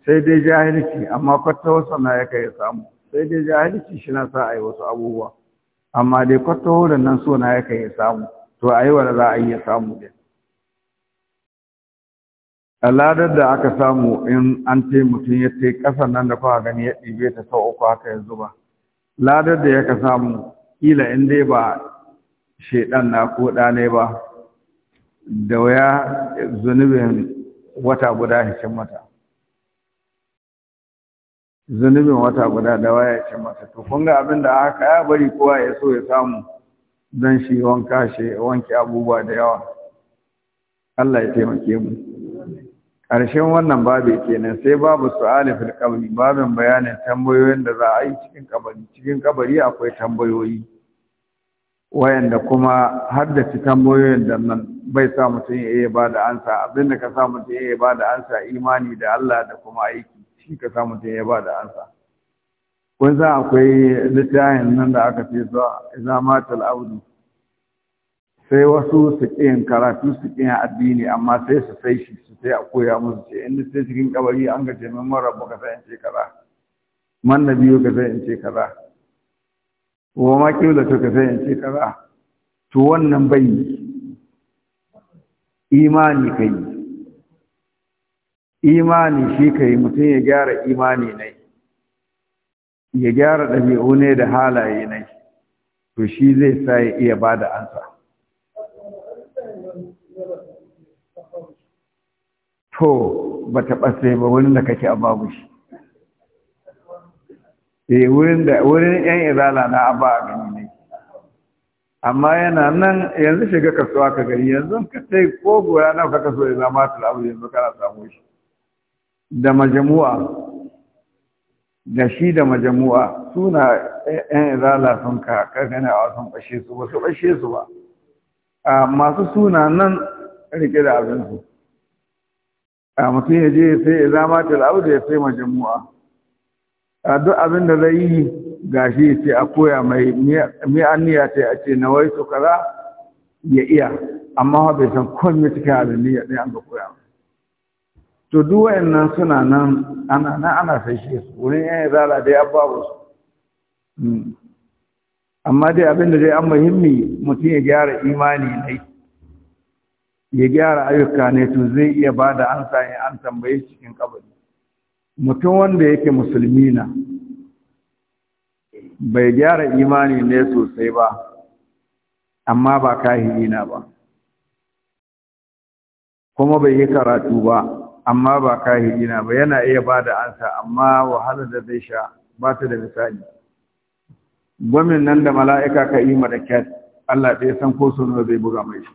sai dai jahilci amma kwata wasa na ya kai samu sai dai jahilci shi na sa a yi wasu abubuwa amma dai kwata wurin nan so na ya kai samu to a yi wa za a yi ya samu din aladar da aka samu in an ce mutum ya ce ƙasar nan da kuka gani ya ɗibe ta sau uku haka ya zuba ladar da ya ka samu kila in dai ba shaidan na ko ɗane ba da waya zunubin wata guda cin mata zunubin wata guda da waya cin mata to kun abin da aka ya bari kowa ya so ya samu don shi wanka shi wanke abubuwa da yawa Allah ya taimake mu ƙarshen wannan babu kenan sai babu su alifin qabri babin bayanin tambayoyin da za a yi cikin kabari cikin kabari akwai tambayoyi wayanda kuma har da cikin boyoyin da nan bai sa mutum ya iya ba da ansa abinda ka sa mutum ya iya ba da ansa imani da Allah da kuma aiki shi ka sa mutum ya ba da ansa kun san akwai littafin nan da aka fi zuwa izamatul Audu. sai wasu su ƙin karatu su ƙin addini amma sai su sai shi su sai a koya musu ce in sai cikin kabari an ga min mara sai in ce kaza man nabiyo ka sai in ce kaza wa ma kibla to ka sai kaza to wannan bai imani kai imani shi kai mutum ya gyara imani ne ya gyara ɗabi'u ne da halaye ne to shi zai sa ya iya ba da ansa to ba taɓa sai ba wani da kake a babu shi eh wurin da wurin yan izala na abba a gani ne amma yana nan yanzu shiga kasuwa ka gari yanzu ka sai ko gora na ka kaso ya zama ta abu yanzu kana samu shi da majamu'a da shi da majamu'a suna yan izala sun ka a sun bashe su ba su bashe su ba masu suna nan rike da abinsu a mutum ya je sai ya zama ta da ya sai majamu'a a abin da zai yi gashi ya ce a koya mai mi'aniya ta a ce na waitu kaza ya iya amma bai san komai cikin abin niyya ɗaya an ga koya to duk wayannan suna nan ana nan ana fashe su wurin yan zara dai an babu su hmm. amma dai abin da dai an muhimmi mutum ya gyara imani ne ya gyara ayyuka ne to zai iya bada an ansa an tambaye cikin kabari mutum wanda yake musulmi na bai gyara imani ne sosai ba amma ba kahiri na ba kuma bai yi karatu ba amma ba kahiri na ba yana iya ba da ansa amma wahala da zai sha ba ta da misali gwamin nan da mala'ika ka yi da kyat Allah ɗaya san ko sono zai buga mai shi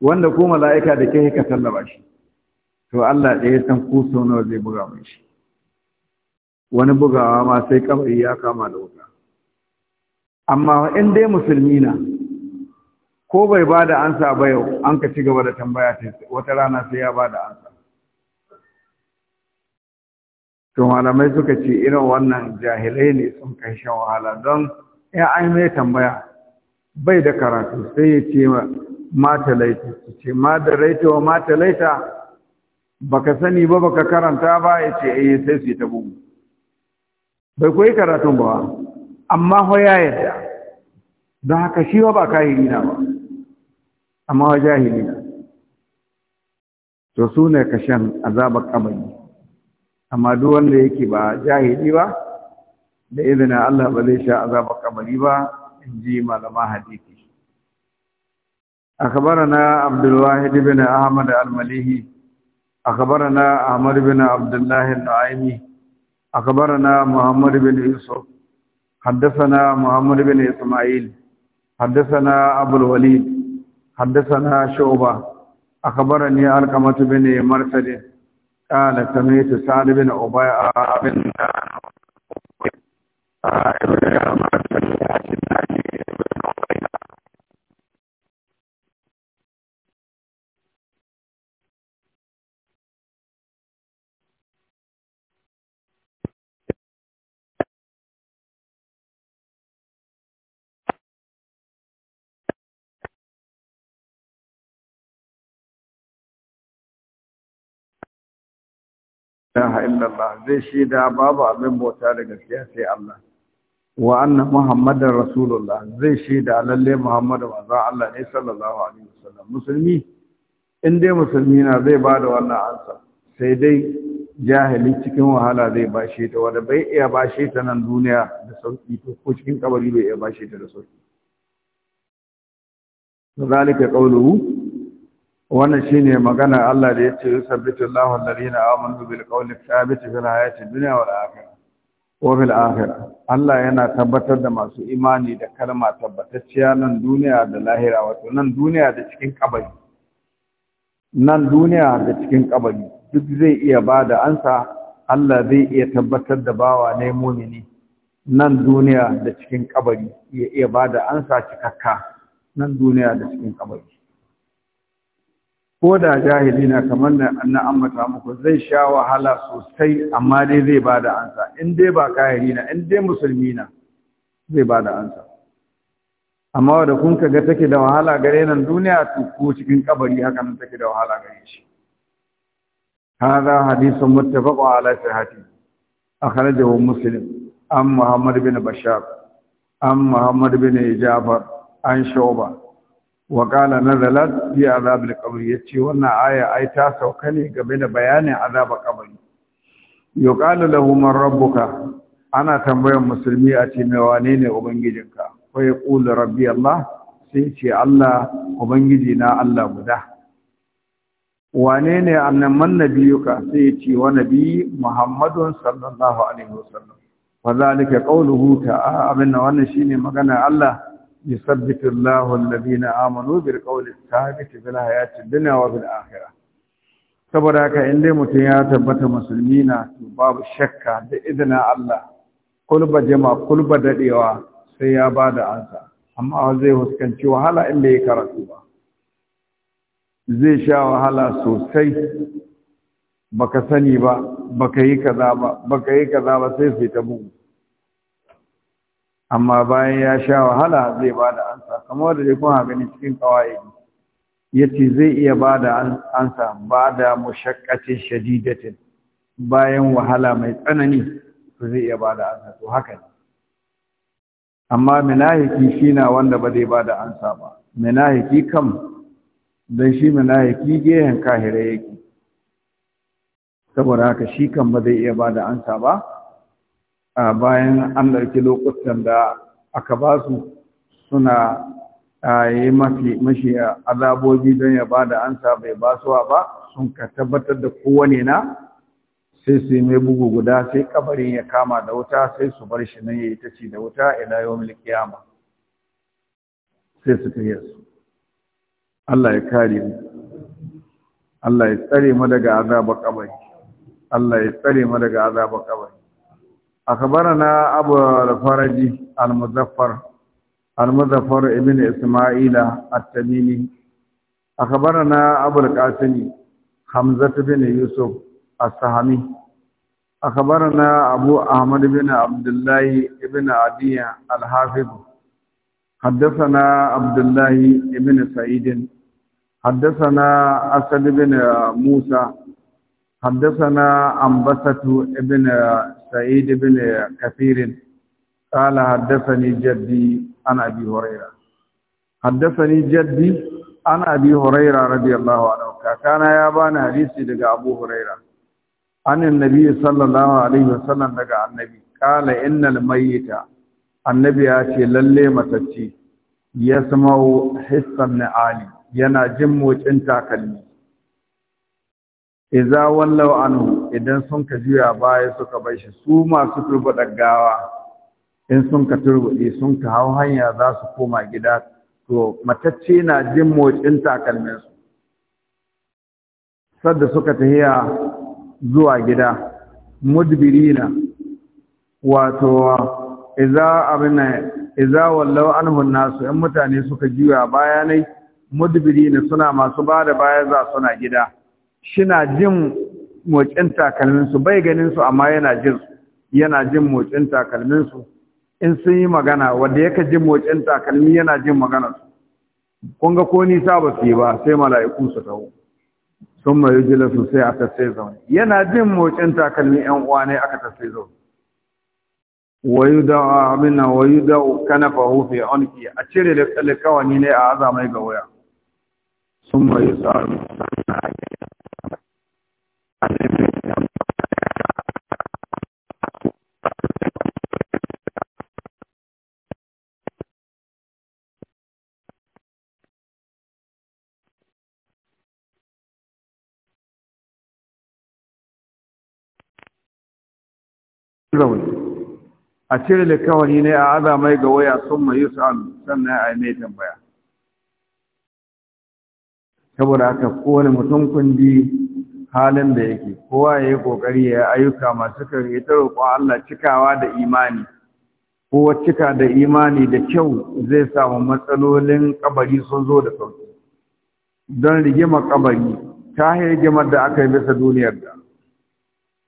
wanda ko mala'ika da ke ka tallaba shi to Allah ɗaya san ku sau nawa zai buga mai shi wani bugawa ma sai kabari ya kama da wuta amma in dai musulmi na ko bai ba da ansa ba yau an ka ci gaba da tambaya wata rana sai ya ba da ansa to malamai suka ce irin wannan jahilai ne sun kai shan wahala don ya an mai tambaya bai da karatu sai ya ce mata laita ce ma da raita wa mata laita baka sani ba baka karanta ba ya ce yi eh, sai su ta bugu bai yi karatun ba amma ho ya da don haka shi ba kayi na ba amma wa jahili na to su ne kashen azabar kamari amma duk wanda yake ba jahili ba da izinin Allah ba zai sha azabar kamari ba in ji malama hadithi أخبرنا عبد الواحد بن أحمد المليهي أخبرنا أحمد بن عبد الله النعيمي أخبرنا محمد بن يوسف حدثنا محمد بن إسماعيل حدثنا أبو الوليد حدثنا شعبة أخبرني ألقمة بن مرسل قال سمعت سعد بن عبيعة بن عبد الله بن ilaha illallah zai shaida babu abin bauta da gaskiya sai Allah wa anna muhammadar rasulullah zai shaida lalle muhammadu manzo Allah ne sallallahu alaihi wasallam musulmi in dai musulmi na zai ba da wannan ansa sai dai jahili cikin wahala zai bashe ta wanda bai iya bashe ta nan duniya da sauki ko cikin kabari bai iya bashe ta da sauki zalika qawluhu wannan shi ne magana Allah da yace yusabbitu Allahu alladhina amanu bil qawli thabit fil hayati duniya wa akhirah wa fil akhirah Allah yana tabbatar da masu imani da kalma tabbatacciya nan duniya da lahira wato nan duniya da cikin kabari nan duniya da cikin kabari duk zai iya ba da ansa Allah zai iya tabbatar da bawa ne mumini nan duniya da cikin kabari ya iya da ansa cikakka nan duniya da cikin kabari ko da jahili na kamar na ambata muku zai sha wahala sosai amma dai zai ba da ansa in dai ba kahiri na in dai musulmi na zai ba da ansa amma wadda kun kaga take da wahala gare nan duniya ko cikin kabari haka nan take da wahala gare shi هذا حديث متفق ala صحته akhrajahu muslim am muhammad bin Bashar, am muhammad bin جعفر an shawba wa qala nazalat bi azab al yace wannan aya ai ta sauka ne game da bayanin azab al-qabri yuqalu lahu man rabbuka ana tambayar musulmi a ce na wane ne ubangijinka ko ya qulu rabbi allah sai ce allah ubangiji na allah guda wane ne annan nabiyuka sai ce wa nabi muhammadun sallallahu alaihi wasallam wa zalika qawluhu ta'ala abinna wannan shine magana allah يثبت الله الذين آمنوا بالقول الثابت في الحياة الدنيا وفي الآخرة saboda haka in dai mutum ya tabbata musulmi na babu shakka da idina Allah kulba jama kulba dadewa sai ya ba da ansa amma zai fuskanci wahala in bai karatu ba zai sha wahala sosai baka sani ba baka yi kaza ba baka yi kaza ba sai sai bugu amma bayan ya sha wahala zai ba da ansa kamar da dai kuma gani cikin kawai ce zai iya ba da ansa ba da mashakacin shadidatin bayan wahala mai tsanani su zai iya ba da ansa to haka ne amma minahiki shi na wanda ba zai ba da ansa ba minahiki kam don shi minahiki gehen kahira yake saboda haka shi kan ba zai iya ba da ansa ba a bayan an ɗauki lokutan da aka ba su suna yi mashi azabobi don ya ba da ansa bai basuwa ba sun ka tabbatar da kowane na sai su yi mai bugu guda sai kabarin ya kama da wuta sai su bar shi nan ya yi ta ci da wuta ila yau kiyama sai su kai su Allah ya kare mu Allah ya tsare mu daga azabar kabari Allah ya tsare mu daga azabar kabari أخبرنا أبو الفرج المزفر المزفر ابن إسماعيل التميمي أخبرنا أبو القاسم حمزة بن يوسف السهمي أخبرنا أبو أحمد بن عبد الله بن عدي الحافظ حدثنا عبد الله بن سعيد حدثنا أسد بن موسى حدثنا أنبسة بن سعيد بن كثير قال حدثني جدي عن ابي هريره حدثني جدي عن ابي هريره رضي الله عنه كان يابان حديث دغ ابو هريره عن النبي صلى الله عليه وسلم دغ النبي قال ان الميت النبي ya ce متتي matacci ya samau hissan na ali yana jin iza wallau anhu idan sun ka juya baya suka bai shi su masu turbuɗa gawa in sun ka turbuɗe sun ka hau hanya za su koma gida to matacce na jin motsin takalminsu sadda suka tahiya zuwa gida mudbirina wato iza abin iza wallau anhu nasu in mutane suka juya baya ne mudbirina suna masu bada baya za suna gida shina jin motsin takalminsu bai ganin su amma yana jin yana jin motsin takalminsu in sun yi magana wanda yake jin motsin takalmi yana jin magana kun ga ko nisa ba su yi ba sai mala'iku su taho sun mai jila su sai aka sai zaune yana jin motsin takalmi yan uwa ne aka ta sai zaune wayu da amina wayu da kanafa hufi a onki a cire da kawani ne a azamai ga waya sun mai sa'ar a cire likawari ne a aza mai ga waya sun mai yusa'alu sannan a yi mai tambaya saboda haka kowane mutum kundi halin da yake kowa ya yi ƙoƙari ya yi ayyuka masu kare ta roƙon Allah cikawa da imani kowa cika da imani da kyau zai samu matsalolin kabari sun zo da sauki don rigima kabari ta yi rigimar da aka yi bisa duniyar da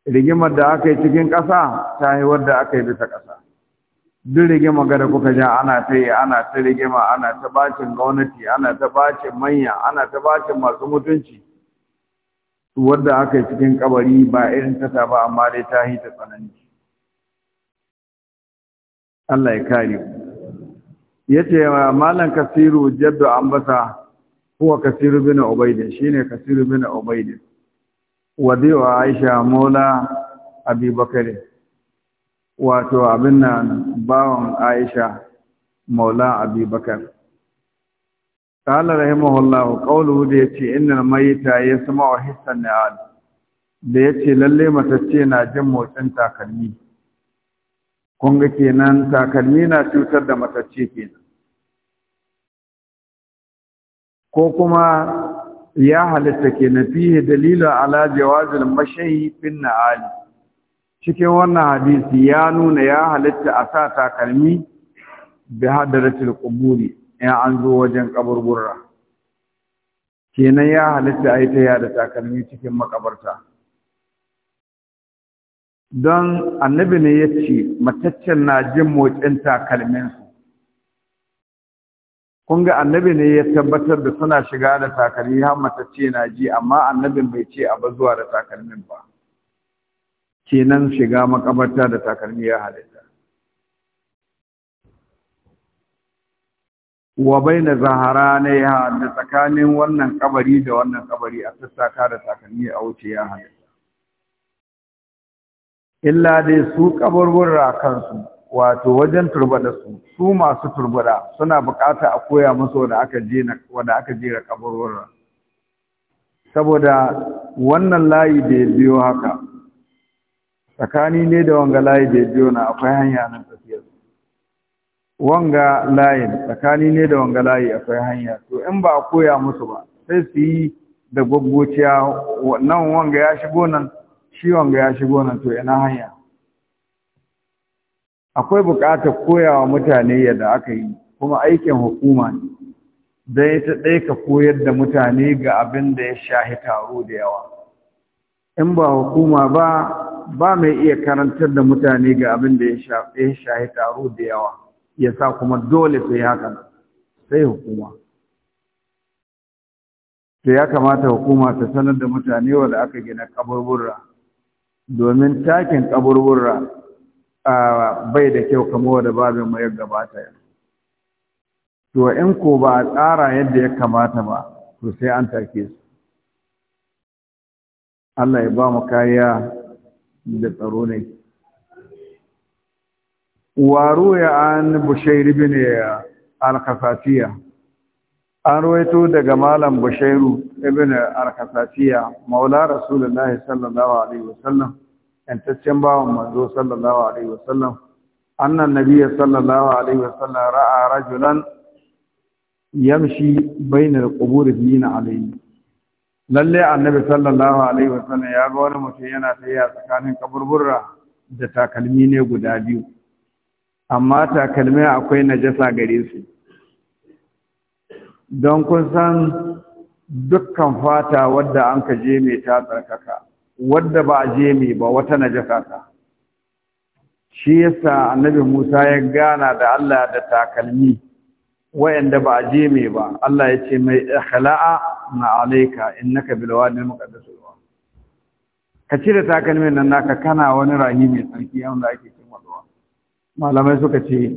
rigimar da aka yi cikin ƙasa ta yi wadda aka yi bisa ƙasa duk rigima gada kuka ja ana ta yi ana ta rigima ana ta bacin gwamnati ana ta bacin manya ana ta bacin masu mutunci wadda aka yi cikin kabari ba irin tata ba amma dai ta hita tsanani Allah ya kare ya ce malam kasiru jaddu ambasa kuwa kasiru bin ubaidin shine kasiru bin ubaidin wa aisha mola abubakar wato abin nan bawan aisha maula abubakar Kala rahimahullah qawluhu da yace innal mayta yasma'u hissan na'al da yace lallai matacce na jin motsin takalmi kun ga kenan takalmi na cutar da matacce kenan ko kuma ya halitta kenan dalilin dalilu ala jawazil mashi fin na'ali cikin wannan hadisi ya nuna ya halitta a sa takalmi bi hadaratul quburi in an zo wajen kaburbura kenan ya halitta a yi ta yada takalmi cikin makabarta don annabi ne ya ce mataccen na jin motsin takalminsu kun ga annabi ne ya tabbatar da suna shiga da takalmi har matacce na ji amma annabin bai ce a zuwa da takalmin ba kenan shiga makabarta da takalmi ya halitta wa na zaharanaiha da tsakanin wannan kabari da wannan kabari a sassaka da takalmi a wuce ya hada illa dai su kaburburra kansu wato wajen turbada su su masu turbada suna bukata a koya musu wanda aka je wanda aka jera kaburburra saboda wannan layi da ya biyo haka tsakani ne da wanga layi da ya biyo na akwai hanya nan tafiyar wanga layin tsakani ne da wanga layi akwai hanya to in ba a koya musu ba sai su yi da gwaggociya wannan wanga ya shigo nan shi wanga ya shigo nan to ina hanya akwai buƙatar koyawa mutane yadda aka yi kuma aikin hukuma ne don ta ɗaya ka koyar da mutane ga abin da ya shahi taro da yawa in ba hukuma ba ba mai iya karantar da mutane ga abin da ya shahi taro da yawa ya sa kuma dole sai haka sai hukuma to ya kamata hukuma ta sanar da mutane wanda aka gina kaburburra domin takin kaburburra bai da kyau kamar wanda babin mai gabata ya to in ko ba a tsara yadda ya kamata ba to sai an take su Allah ya ba mu kariya da tsaro ne Waru ya an bushairi bin al-kasatiya an ruwaito daga malam bushairu ibn al-kasatiya maula rasulullahi sallallahu alaihi wasallam yantaccen bawan manzo sallallahu alaihi wasallam annan nabiyyi sallallahu alaihi wasallam ra'a rajulan yamshi bainal qubur dina alaihi lalle annabi sallallahu alaihi wasallam ya ga wani mutum yana tafiya tsakanin kaburburra da takalmi ne guda biyu amma takalmi akwai najasa gare su don kun san dukkan fata wadda an ka je mai ta tsarkaka wadda ba a je mai ba wata najasa ta shi yasa annabi Musa ya gana da Allah da takalmi wayanda ba a je mai ba Allah ya ce mai ikhla'a na alayka innaka bil wadi muqaddas ka cire takalmin nan naka kana wani rahi mai tsarki da ake malamai suka ce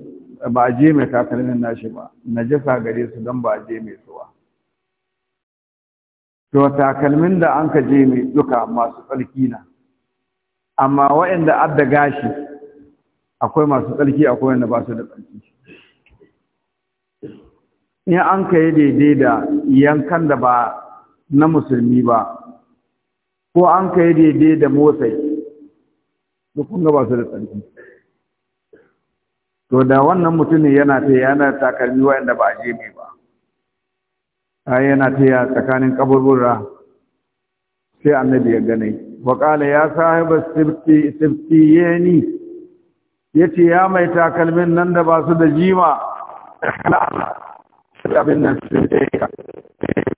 ba a je mai takalmin nashi ba jisa gare su don ba a je mai suwa to takalmin da an ka je mai duka masu tsarki na amma wa'inda adda gashi akwai masu tsarki akwai wanda ba su da tsarki in an ka yi daidai da yankan da ba na musulmi ba ko an ka yi daidai da motsai duk kun ga ba su da tsarki to da wannan mutumin yana ta yana takalmi wa'anda ba a je mai ba ai yana ta ya tsakanin kaburbura sai annabi ya gane wa qala ya sahiba sibti ya yace ya mai takalmin nan da ba su da jima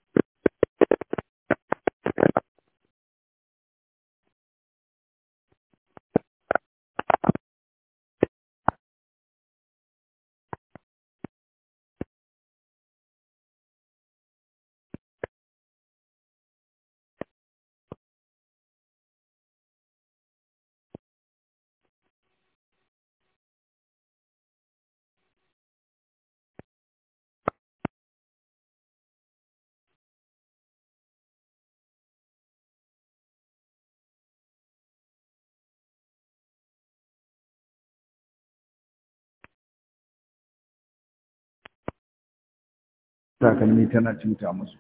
takalmi tana cuta musu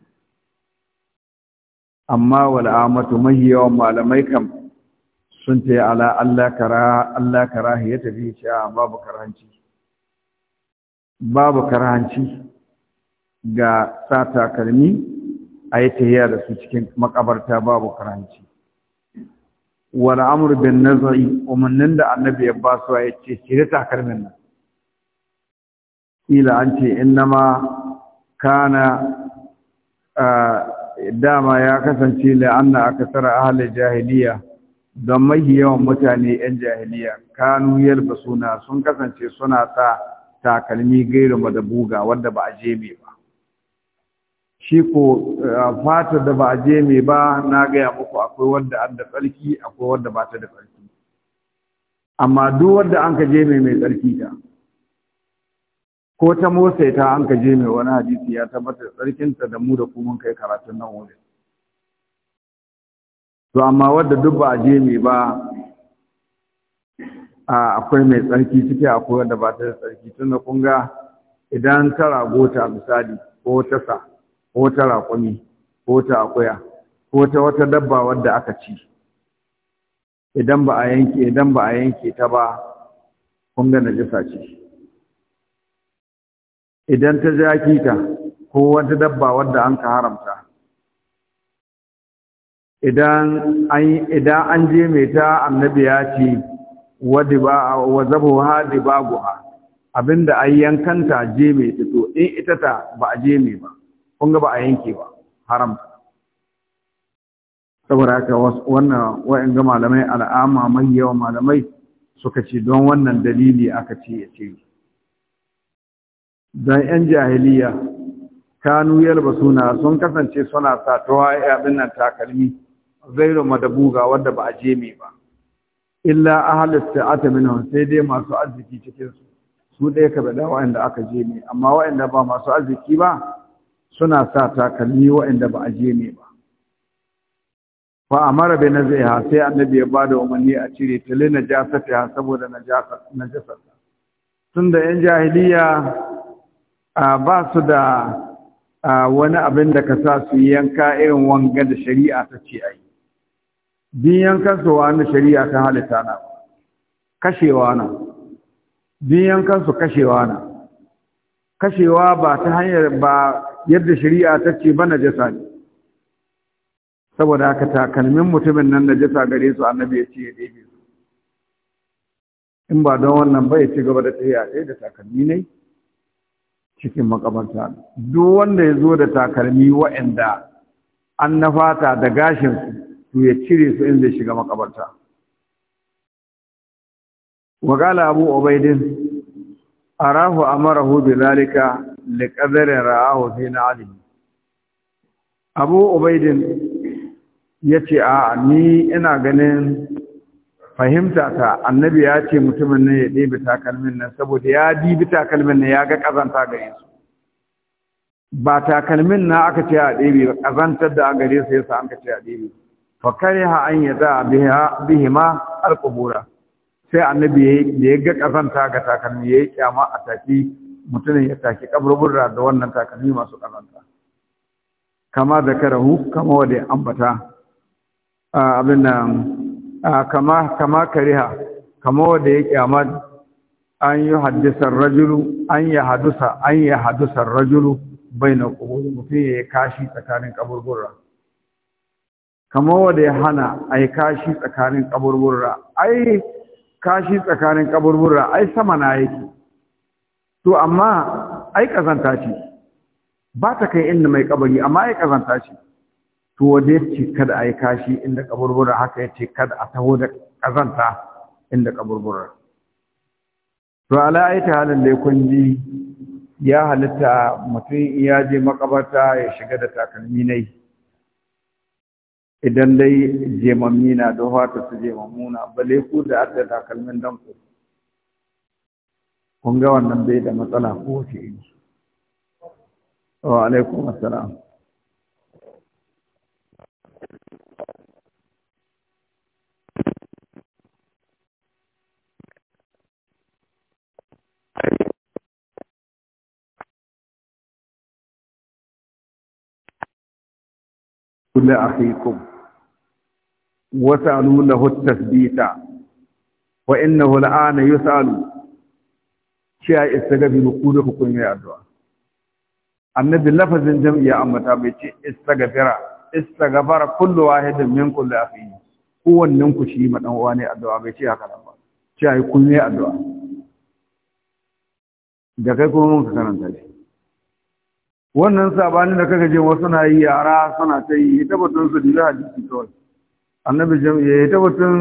amma wal amatu yawan malamai kam sun ta ala Allah kara Allah kara ya tafi a babu karanci babu karanci ga sa takalmi a yi tahiya da su cikin makabarta babu karanci wal amru bin nazari umarnin da annabi ya ba su ya ce cire takalmin nan ila an ce ma kana dama ya kasance la'anna akasara ahli jahiliya don mahi yawan mutane yan jahiliya kanu yalbasuna sun kasance suna sa takalmi gairu madabuga wanda ba a jeme ba shi ko fatar da ba a jeme ba na gaya muku akwai wanda an da tsarki akwai wanda ba ta da tsarki amma duk wanda an ka jeme mai tsarki ta ko ta motsa ta an ka je mai wani hadisi ya tabbatar tsarkinta da mu da ku mun kai karatun nan wuri to amma wadda duk ba a je mai ba akwai mai tsarki ciki akwai wadda ba ta da tsarki tunda kun ga idan ta ta misali ko ta sa ko ta raƙumi ko ta akuya ko ta wata dabba wadda aka ci idan ba a yanke idan ba a yanke ta ba kun ga najisa ce idan ta ja kita ko wata dabba wadda an ka haramta idan an je mai ta annabi ya ce wa zabu hadi ha abinda a yankanta je mai ta to in ita ta ba a je mai ba kun ga ba a yanke ba haram saboda haka wannan wa'in ga malamai al'ama mai yawa malamai suka ce don wannan dalili aka ce ya ce dan yan jahiliya kanu suna sun kasance suna sa tawaye abin nan takalmi zairu madabuga wanda ba a je me ba illa ahlus sa'ata minhum sai dai masu arziki cikin su ɗaya ka bada waɗanda aka je me, amma waɗanda ba masu arziki ba suna sa takalmi waɗanda ba a je mai ba fa amara bi nazaiha sai annabi ya bada umarni a cire na lina jasata saboda najasa najasa tunda yan jahiliya ba su da wani abin da ka sa su yanka irin wanga da shari'a ta ce a yi bin yankan su wani shari'a ta halitta na kashewa na bin yankan su kashewa na kashewa ba ta hanyar ba yadda shari'a ta ce ba najasa ne saboda haka takalmin mutumin nan najasa gare su annabi ya ce ya ɗebe su in ba don wannan ba ya ci gaba da tafiya ɗaya da takalmi ne cikin makabarta duk wanda ya zo da takalmi waɗanda an na fata da gashinsu to ya cire su inda zai shiga makabarta waƙala abu obaidin a rahu a marahu li da ra'ahu fi na alimi abu ubaidin ya ce a ni ina ganin fahimta ta annabi ya ce mutumin ne ya ɗebe takalmin nan saboda ya dibi takalmin nan ya ga ƙazanta gare su ba takalmin na aka ce a ɗebe ba ƙazantar da a gare su yasa an ka ce a ɗebe fa ha an bihi bihima alqubura sai annabi da ya ga ƙazanta ga takalmi ya yi kyama a tafi mutumin ya tafi kaburburra da wannan takalmi masu ƙazanta kama zakarahu kama wanda ambata abin nan Ah, kama kama kariha kama wanda ya kyama an yi haddisar rajulu an ya hadusa an ya hadusar rajulu bai na kuburi mutum ya kashi tsakanin kaburburra kama wanda ya hana a yi kashi tsakanin kaburburra ai kashi tsakanin kaburburra ai sama na yake to amma ai kazanta ce ba ta kai inda mai kabari amma ai kazanta ce Tuwo dai ya ce kada a yi kashi inda kaburbura haka ya ce kada a taho da ƙazanta inda kaburbura to ala ta halin da kun ji ya halitta mutum ya je makabarta ya shiga da takalmi nai idan dai jemammi na don fata su jemammuna bale ku da adda takalmin dan ku kun ga wannan bai da matsala ko wace yi. wa alaikum assalam لأخيكم أخيكم وسألوا له التثبيت وإنه الآن يسأل شيء استغفر قولك كن يا دعاء النبي لفظ جمع أم تابيتي استغفر استغفر كل واحد من كل أخيه kowannen ku shi ma dan uwa ne addu'a bai ce haka nan da kai kuma mun ka karanta shi wannan sabanin da kaga je wasu na yi yara suna ta yi ita batun su dila hadisi kawai annabi ya ita batun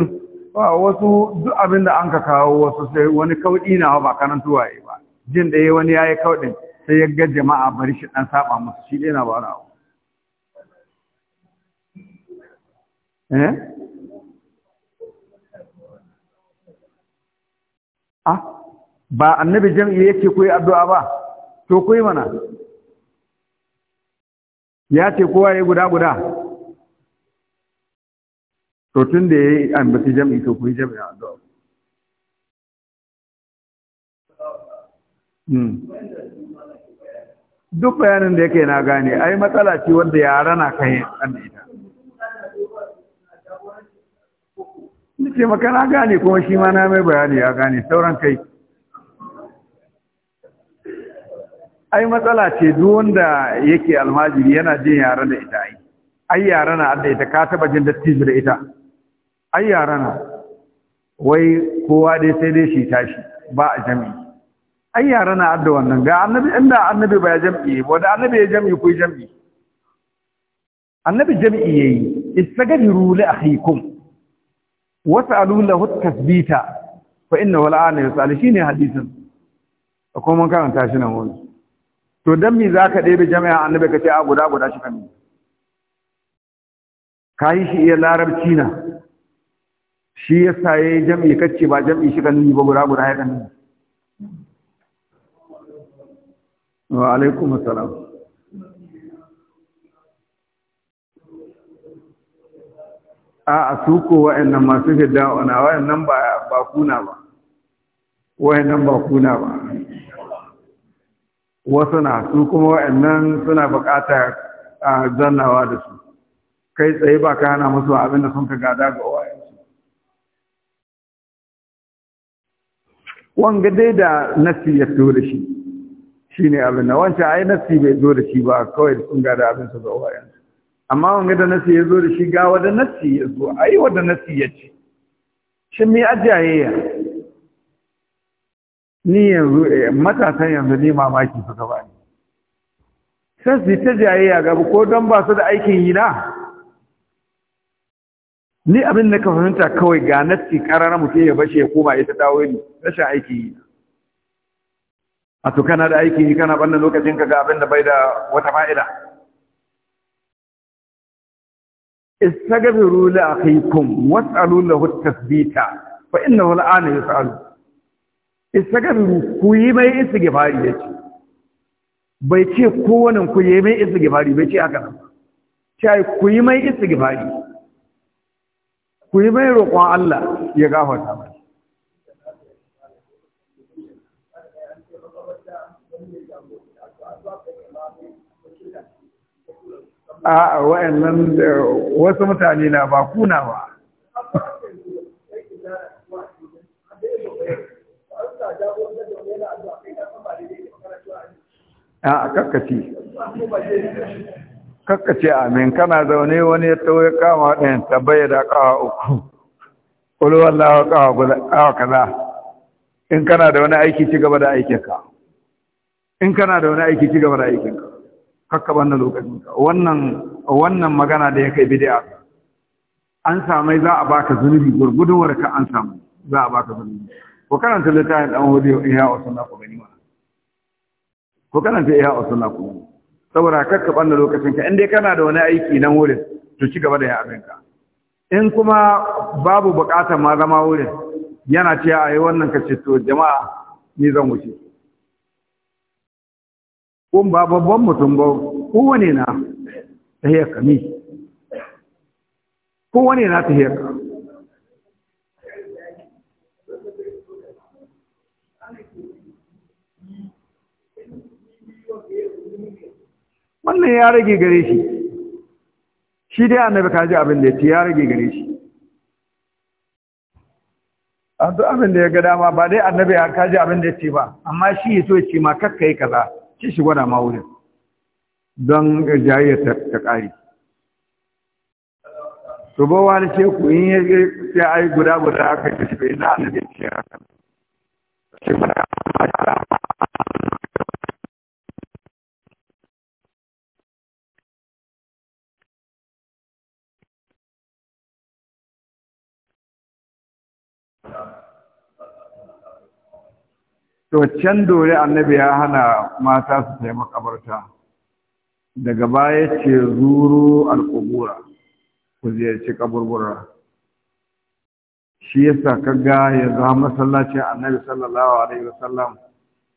ba wasu duk abin da an ka kawo wasu sai wani kaudi na ba karantu yi ba jin da yayi wani ya yi kauɗin sai ya ga jama'a bari shi ɗan saba musu shi ɗaya na ba rawo eh ah ba annabi jam'i yake ku yi addu'a ba to ku yi mana ya ce kowa ya guda guda to tun da ya yi ambaci jam'i to ku yi jam'i addu'a hmm. duk bayanin da yake na gane ai matsala ce wanda ya rana kan an da ita nake maka na gane kuma shi ma na mai bayani ya gane sauran kai ai matsala ce duk wanda yake almajiri yana jin yare da ita ai ai yare na Allah ita ka taba jin dattijo da ita ai yare na wai kowa dai sai dai shi tashi ba a jami'i ai yare na adda wannan ga annabi inda annabi ba ya jami'i da annabi ya jami'i ku jami'i annabi jami'i yayi istaghfiru li akhikum was'alu lahu tasbita fa innahu al-ana yus'al shine hadisin akwai mun karanta shi nan wani to dan mi zaka ɗebe jami'a annabi ka ce a guda guda shi kan ka yi shi iya larabci na shi ya saye jam'i kacce ba jam'i shi kan ba guda guda ya kan wa alaikum assalam a a su ko wa'annan masu fidda'una wa'annan ba kuna ba wa'annan ba kuna ba wasu na su kuma wa'annan suna buƙatar zannawa da su kai tsaye ba ka hana musu abin da sun ka gada ga wayansu wanga dai da nasi ya zo da shi shi ne abin da wancan ai nasi bai zo da shi ba kawai da sun gada abin su ga wayansu amma wanga da nasi ya zo da shi ga wada nasi ya zo ai wada nasi ya ce shin me ajiyayya ni yanzu eh, matasan yanzu ni mamaki suka gaba ne sai su ta jayayya gaba ko don ba su da aikin yi na ni abin da ka fahimta kawai ga nafsi karara mutum ya bashe ya koma ita dawo ne, rashin aikin yi a to kana da aikin yi kana bannan lokacin ka ga abin da bai da wata fa'ida istagfiru li akhikum was'alu lahu tasbita, fa innahu al ya yus'alu istagafiru ku yi mai gifari ya ce bai ce kowane ku yi mai gifari bai ce haka nan cai ku yi mai gifari ku yi mai roƙon Allah ya gafarta mai a wa'annan wasu mutane na ba kuna ba a kakkaci kakkace amin kana zaune wani ya tawo ya kama ɗin tabbai da kawa uku ƙulwar lawa kawa kaza in kana da wani aiki ci gaba da aikinka in kana da wani aiki ci gaba da aikinka kakka banna lokacinka wannan wannan magana da ya kai bidiya an samai za a baka zunubi gurguduwar ka an samu za a baka zunubi ku karanta littafin dan hudu iya usunna ku gani mana ku karanta iya usunna ku gani saboda kakka banda lokacin ka inda kana da wani aiki nan wurin to ci gaba da ya abin ka in kuma babu bukatar ma zama wurin yana ce a yi wannan ka ce to jama'a ni zan wuce kun ba babban mutum ba kowane na tahiyar kami kowane na tahiyar kami ne ya rage gare shi shi dai annabi kaji abin da ya ce ya rage gare shi a abin da ya ga dama ba dai annabi ya kaji abin da ya ce ba amma shi ya so ya ce ma kakka yi kaza ki shi gwada ma wurin don jayayya ta ƙari to ba wa ce ku in ya ya ai guda guda aka kashe na annabi ya ce haka to can dore annabi ya hana mata su sai makabarta daga baya ce zuru al’ubura, ku ziyarci kaburbura shi yasa kaga ya za masallacin annabi sallallahu alaihi wasallam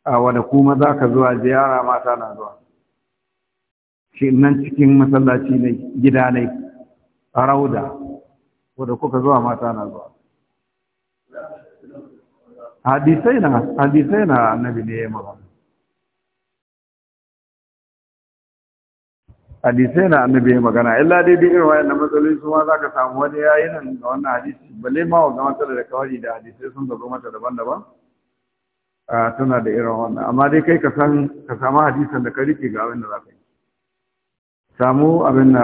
a wadda kuma za ka zuwa ziyara mata na zuwa shi nan cikin masallaci ne gida ne a rauda wadda kuka zuwa mata na zuwa hadisai na hadisai na annabi ne magana hadisai na annabi magana illa dai dai irin wayannan matsaloli su ma zaka samu wani ya yi nan da wannan hadisi balle ma wannan matsalar da kawai da hadisai sun zo mata daban-daban a tana da irin wannan amma dai kai ka san ka samu hadisan da ka rike ga abin da zaka yi samu abin na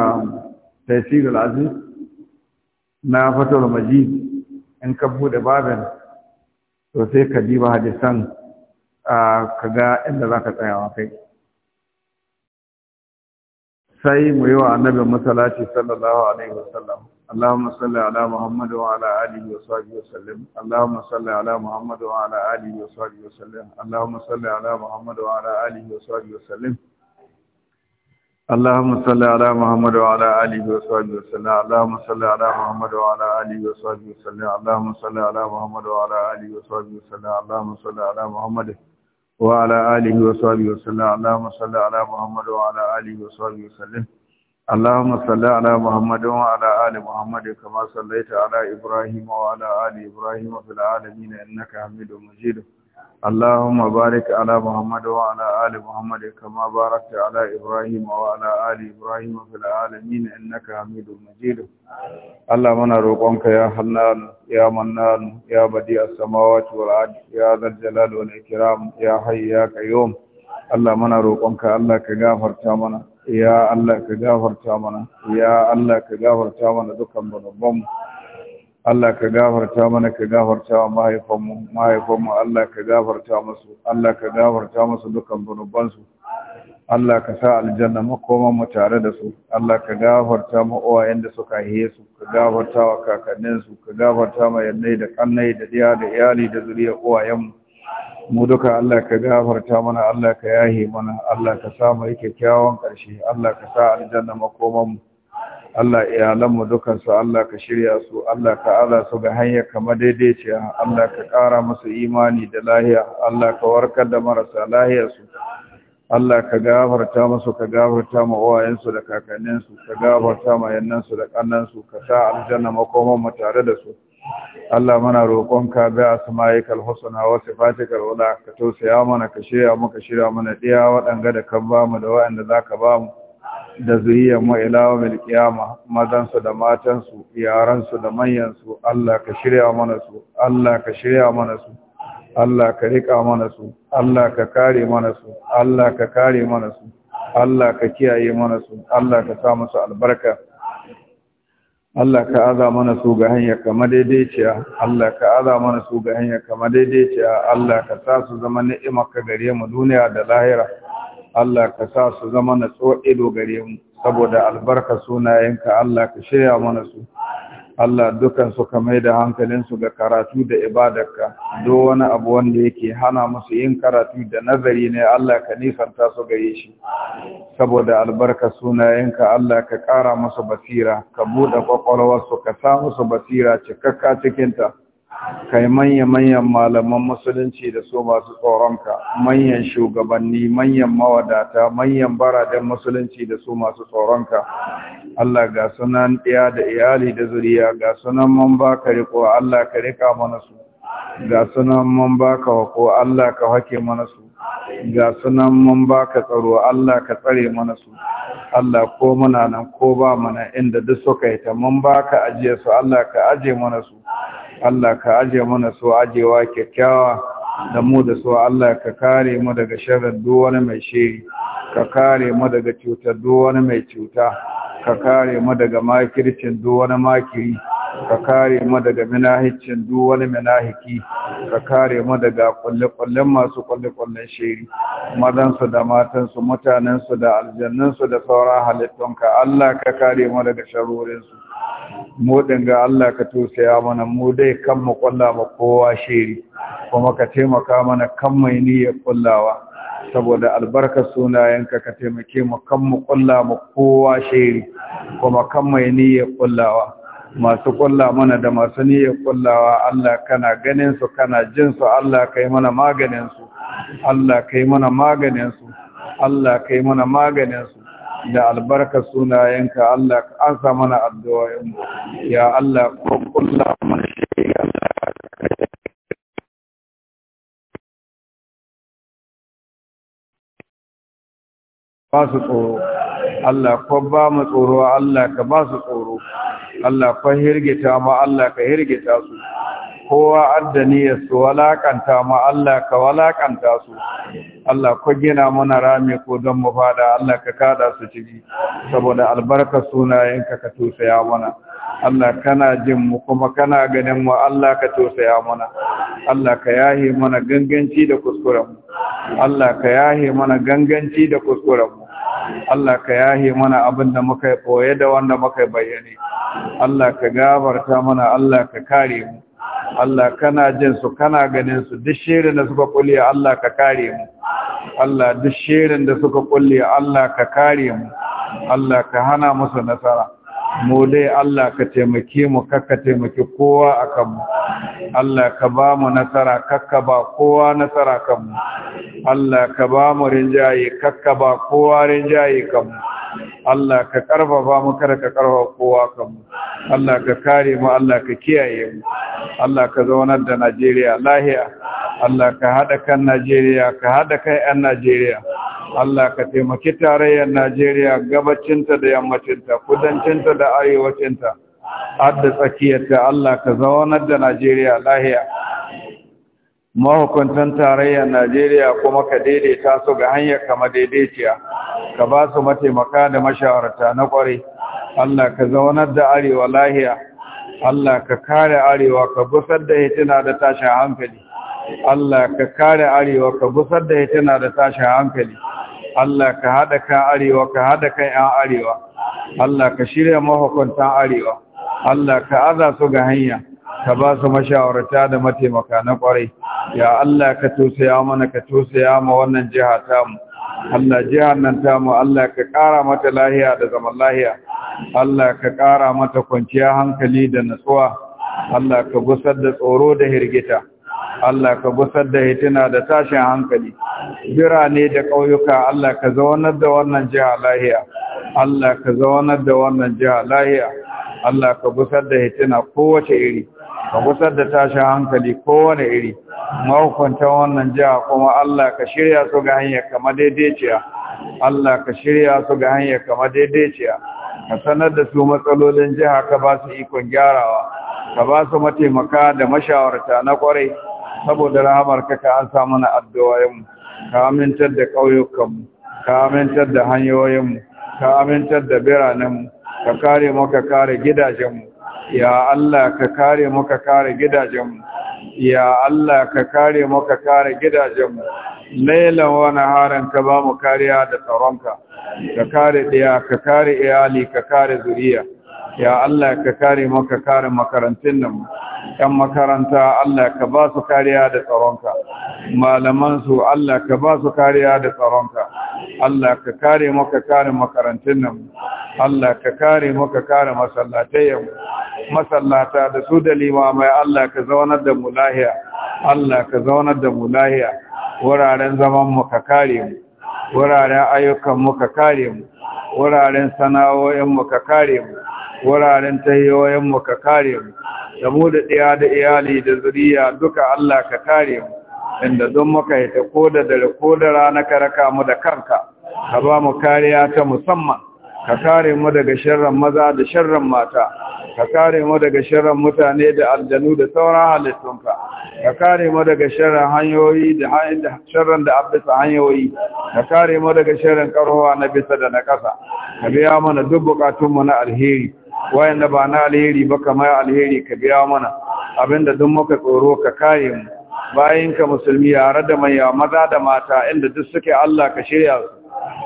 tafsir al-aziz na fatul majid in ka bude babin to sai ka diba hadisan ka ga inda za ka tsayawa kai sai mu yi wa annabi masalaci sallallahu alaihi wasallam Allahumma salli ala Muhammadu wa ala alihi wa sahbihi wa sallim Allahumma salli ala Muhammadu wa ala Ali wa sahbihi wa sallim Allahumma salli ala ala alihi wa salli ala Muhammad wa ala alihi wa sahbihi wa sallim اللهم صل على محمد وعلى اله وصحبه وسلم اللهم صل على محمد وعلى اله وصحبه وسلم اللهم صل على محمد وعلى اله وصحبه وسلم اللهم صل على محمد وعلى اله وصحبه وسلم اللهم صل على محمد وعلى اله وصحبه وسلم اللهم صل على محمد وعلى ال محمد كما صليت على ابراهيم وعلى ال ابراهيم في العالمين انك حميد مجيد اللهم بارك على محمد وعلى آل محمد كما باركت على إبراهيم وعلى آل إبراهيم في العالمين إنك حميد مجيد اللهم أنا روقك يا حنان يا منان يا بديع السماوات والأرض يا ذا الجلال والإكرام يا حي يا قيوم اللهم أنا روقك الله كغافر تامنا يا الله كغافر تامنا يا الله كغافر تامنا دكان بنبم Allah ka gafarta mana ka gafarta wa mahaifanmu mahaifanmu Allah ka gafarta musu Allah ka gafarta musu dukan zunubansu Allah ka sa aljanna makoman mu tare da su Allah ka gafarta mu uwayen da suka haife su ka gafarta wa kakannin su ka gafarta ma yannai da kannai da diya da iyali da zuriya uwayen mu mu duka Allah ka gafarta mana Allah ka yahe mana Allah ka sa mu kyakkyawan karshe Allah ka sa aljanna makoman mu Allah iyalanmu dukansu Allah ka shirya su Allah ka ala su ga hanyar kamar daidaiciya Allah ka ƙara musu imani da lahiya Allah ka warkar da marasa lahiyarsu Allah ka gafarta musu ka gafarta ma uwayensu da kakanninsu ka gafarta ma yannansu da kannansu ka sa aljanna makoman mu tare da su Allah muna roƙon ka bi asma'ikal husna wa sifatikal ula ka tausaya mana ka shirya muka shirya mana diya waɗanga da kan bamu da waɗanda zaka bamu da zuriyar mu ilawa mil mazan su da matan su yaran su da manyan su Allah ka shirya mana su Allah ka shirya mana su Allah ka rika mana su Allah ka kare mana su Allah ka kare mana su Allah ka kiyaye mana su Allah ka sa musu albarka Allah ka aza mana su ga hanya kama daidaiciya Allah ka aza mana su ga hanya kama daidaiciya Allah ka sa su zama ni'imar ka gare mu duniya da lahira Allah ka sa su zama na ido gare mu saboda albarka sunayenka Allah ka shirya mana su Allah dukan su ka mai da su ga karatu da ibadarka do wani abu wanda yake hana musu yin karatu da nazari ne Allah ka nisanta su gare shi saboda albarka sunayenka Allah ka kara musu basira ka buɗe su ka sa musu basira cikakka cikinta kai manya-manyan malaman musulunci da su masu tsoronka manyan shugabanni manyan mawadata manyan baraden musulunci da su masu tsoronka Allah ga sunan ɗaya da iyali da zuriya ga sunan man baka riko Allah ka rika mana su ga sunan man baka wako Allah ka hake mana su ga sunan mun baka tsaro Allah ka tsare mana su Allah ko muna nan ko ba mana inda duk suka yi ta mun baka ajiye su Allah ka aje mana su Allah ka aje mana so ajewa kyakkyawa da mu da so Allah ka kare mu daga sharar duk mai shiri ka kare mu daga cutar duk mai cuta ka kare mu daga makircin duk makiri ka kare mu daga minahicin duk wani minahiki ka kare mu daga kulle masu kulle-kullen shiri mazansu da matansu mutanensu da aljannansu da sauran halittunka Allah ka kare mu daga sharorinsu mu dinga Allah ka tosaya mana mu dai kan mu kulla ma kowa shiri kuma ka taimaka mana kan mai niyyar kullawa saboda albarka sunayenka ka taimake mu kan mu kulla ma kowa shiri kuma kan mai niyyar kullawa masu kulla mana da masu niyyar kullawa Allah kana ganin su kana jin su Allah kai mana maganin su Allah kai mana maganin su Allah kai mana maganin su da albarka sunayenka Allah ka sa mana addu'o'in ya Allah ko kulla mana Allah ba su tsoro Allah ko ba mu tsoro Allah ka ba su tsoro Allah ko hirgita ma Allah ka hirgita su kowa addani ya su walakanta ma Allah ka walakanta su Allah ko gina mana rami ko don mu fada Allah ka kada su ciki saboda albarka sunayenka ka tusaya mana Allah kana jin mu kuma kana ganin mu Allah ka tusaya mana Allah ka yahe mana ganganci da kuskuren mu Allah ka yahi mana ganganci da kuskuren mu Allah ka yahe mana abin da muka koye da wanda muka bayyane Allah ka gabarta mana Allah ka kare mu Allah kana jin su kana ganin su duk shirin da suka kulle Allah ka kare mu Allah duk shirin da suka kulle Allah ka kare mu Allah ka hana musu nasara mu Allah ka taimake mu kakka taimake kowa akan mu. Allah ka ba mu nasara kakka ba kowa nasara kan mu. Allah ka ba mu rinjaye kakka ba kowa rinjaye kan mu. Allah ka ba mu kar ka karba kowa kan mu Allah ka kare mu Allah ka kiyaye mu Allah ka zaunar da Najeriya lahiya Allah ka hada kan Najeriya ka hada kai yan Najeriya Allah ka taimaki tarayyar Najeriya gabacinta da yammacinta kudancinta da arewacinta har da tsakiyarta Allah ka zaunar da Najeriya lahiya mahukuntan tarayyar Najeriya kuma ka daidaita su ga hanyar kama daidaitiya, ka ba su mataimaka da mashawarta na ƙware Allah ka zaunar da arewa lahiya Allah ka kare arewa ka busar da hitina da tashin hankali Allah ka kare arewa ka busar da hitina da tashin hankali Allah ka haɗa kan arewa ka haɗa kan 'yan arewa Allah ka shirya mahukuntan arewa Allah ka aza su ga hanya ka ba su mashawarta da mataimaka na kwarai ya Allah ka tosaya mana ka tosaya ma wannan jiha tamu Allah jihar nan tamu Allah ka ƙara mata lahiya da zaman lahiya Allah ka ƙara mata kwanciya hankali da natsuwa Allah ka gusar da tsoro da hirgita Allah ka gusar da hitina da tashin hankali birane da ƙauyuka Allah ka zaunar da wannan jiha lahiya Allah ka zaunar da wannan jiha lahiya Allah ka gusar da hitina kowace iri ka gusar da tashin hankali kowane iri mahukunta wannan jiha kuma Allah ka shirya su ga hanyar kama daidaiciya Allah ka shirya su ga hanyar kama daidaiciya ka sanar da su matsalolin jiha ka ba su ikon gyarawa ka ba su mataimaka da mashawarta na kwarai saboda rahamar ka ka an samu na addu'o'in ka amintar da ƙauyukanmu ka amintar da hanyoyinmu ka amintar da biranenmu ka kare mu ka kare gidajenmu ya Allah ka kare muka kare gidajenmu ya Allah ka kare muka kare gidajenmu lailan wani harin ka ba mu kariya da tsaronka ka kare ɗaya ka kare iyali ka kare zuriya ya Allah ka kare muka kare makarantun nan ‘yan makaranta Allah ka ba su kariya da tsaronka, malamansu Allah ka ba su kariya da tsaronka, Allah ka kare muka kare makarantun nan, Allah ka kare muka kare masallatayen masallata da su da limamai Allah ka zaunar da mu lahiya Allah ka zaunar da mu lahiya wuraren zaman mu ka kare mu wuraren ayyukan mu ka kare mu wuraren sana'o'in mu ka kare mu wuraren tayoyin mu ka kare mu da mu da ɗaya da iyali da zuriya duka Allah ka kare mu inda don muka ta ko da dare da rana ka raka mu da kanka ka ba mu kariya ta musamman ka kare mu daga sharran maza da sharran mata ka kare mu daga shirin mutane da aljanu da sauran halittunka ka kare mu daga shirin hanyoyi da sharrin da abisa hanyoyi ka kare mu daga shirin karowa na bisa da na ƙasa ka biya mana duk bukatunmu na alheri wayanda ba na alheri ba kamar alheri ka biya mana abinda duk muka tsoro ka kare mu bayan ka musulmi yare da manya maza da mata inda duk suke Allah ka shirya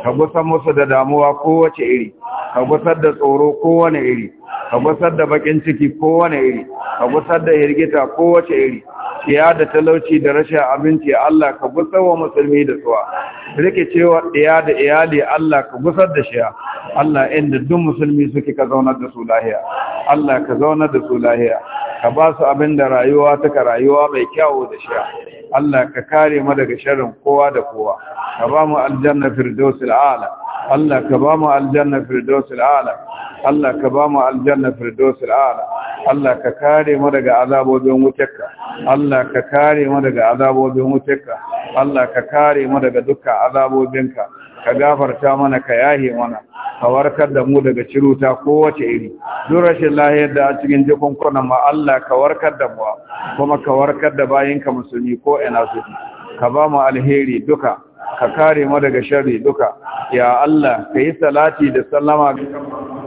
ka gusa musu da damuwa kowace iri ka gusar da tsoro kowane iri ka gusar da bakin ciki kowane iri ka gusar da hirgita kowace iri Ya da talauci da rashin abinci Allah ka gusar wa musulmi da tsuwa rike cewa ya da iyali Allah ka gusar da shiya Allah inda duk musulmi suke ka zaunar da su lahiya Allah ka zaunar da su lahiya ka ba su abin da rayuwa ka rayuwa mai kyau da shiya Allah ka kare mu daga sharrin kowa da kowa ka ba mu aljanna firdausil a'la Allah ka ba mu aljanna firdausil a'la Allah ka ba mu aljanna firdausil a'la Allah ka kare mu daga azabobin wutarka Allah ka kare mu daga azabobin wutarka Allah ka kare mu daga dukkan azabobinka ka gafarta mana ka yahe mana ka warkar da mu daga ciruta kowace iri duk rashin lahiyar da a cikin jikunkunan ma Allah ka warkar da mu kuma ka warkar da bayinka musulmi ko ina su ka ba mu alheri duka ka kare mu daga sharri duka ya Allah ka yi salati da sallama ga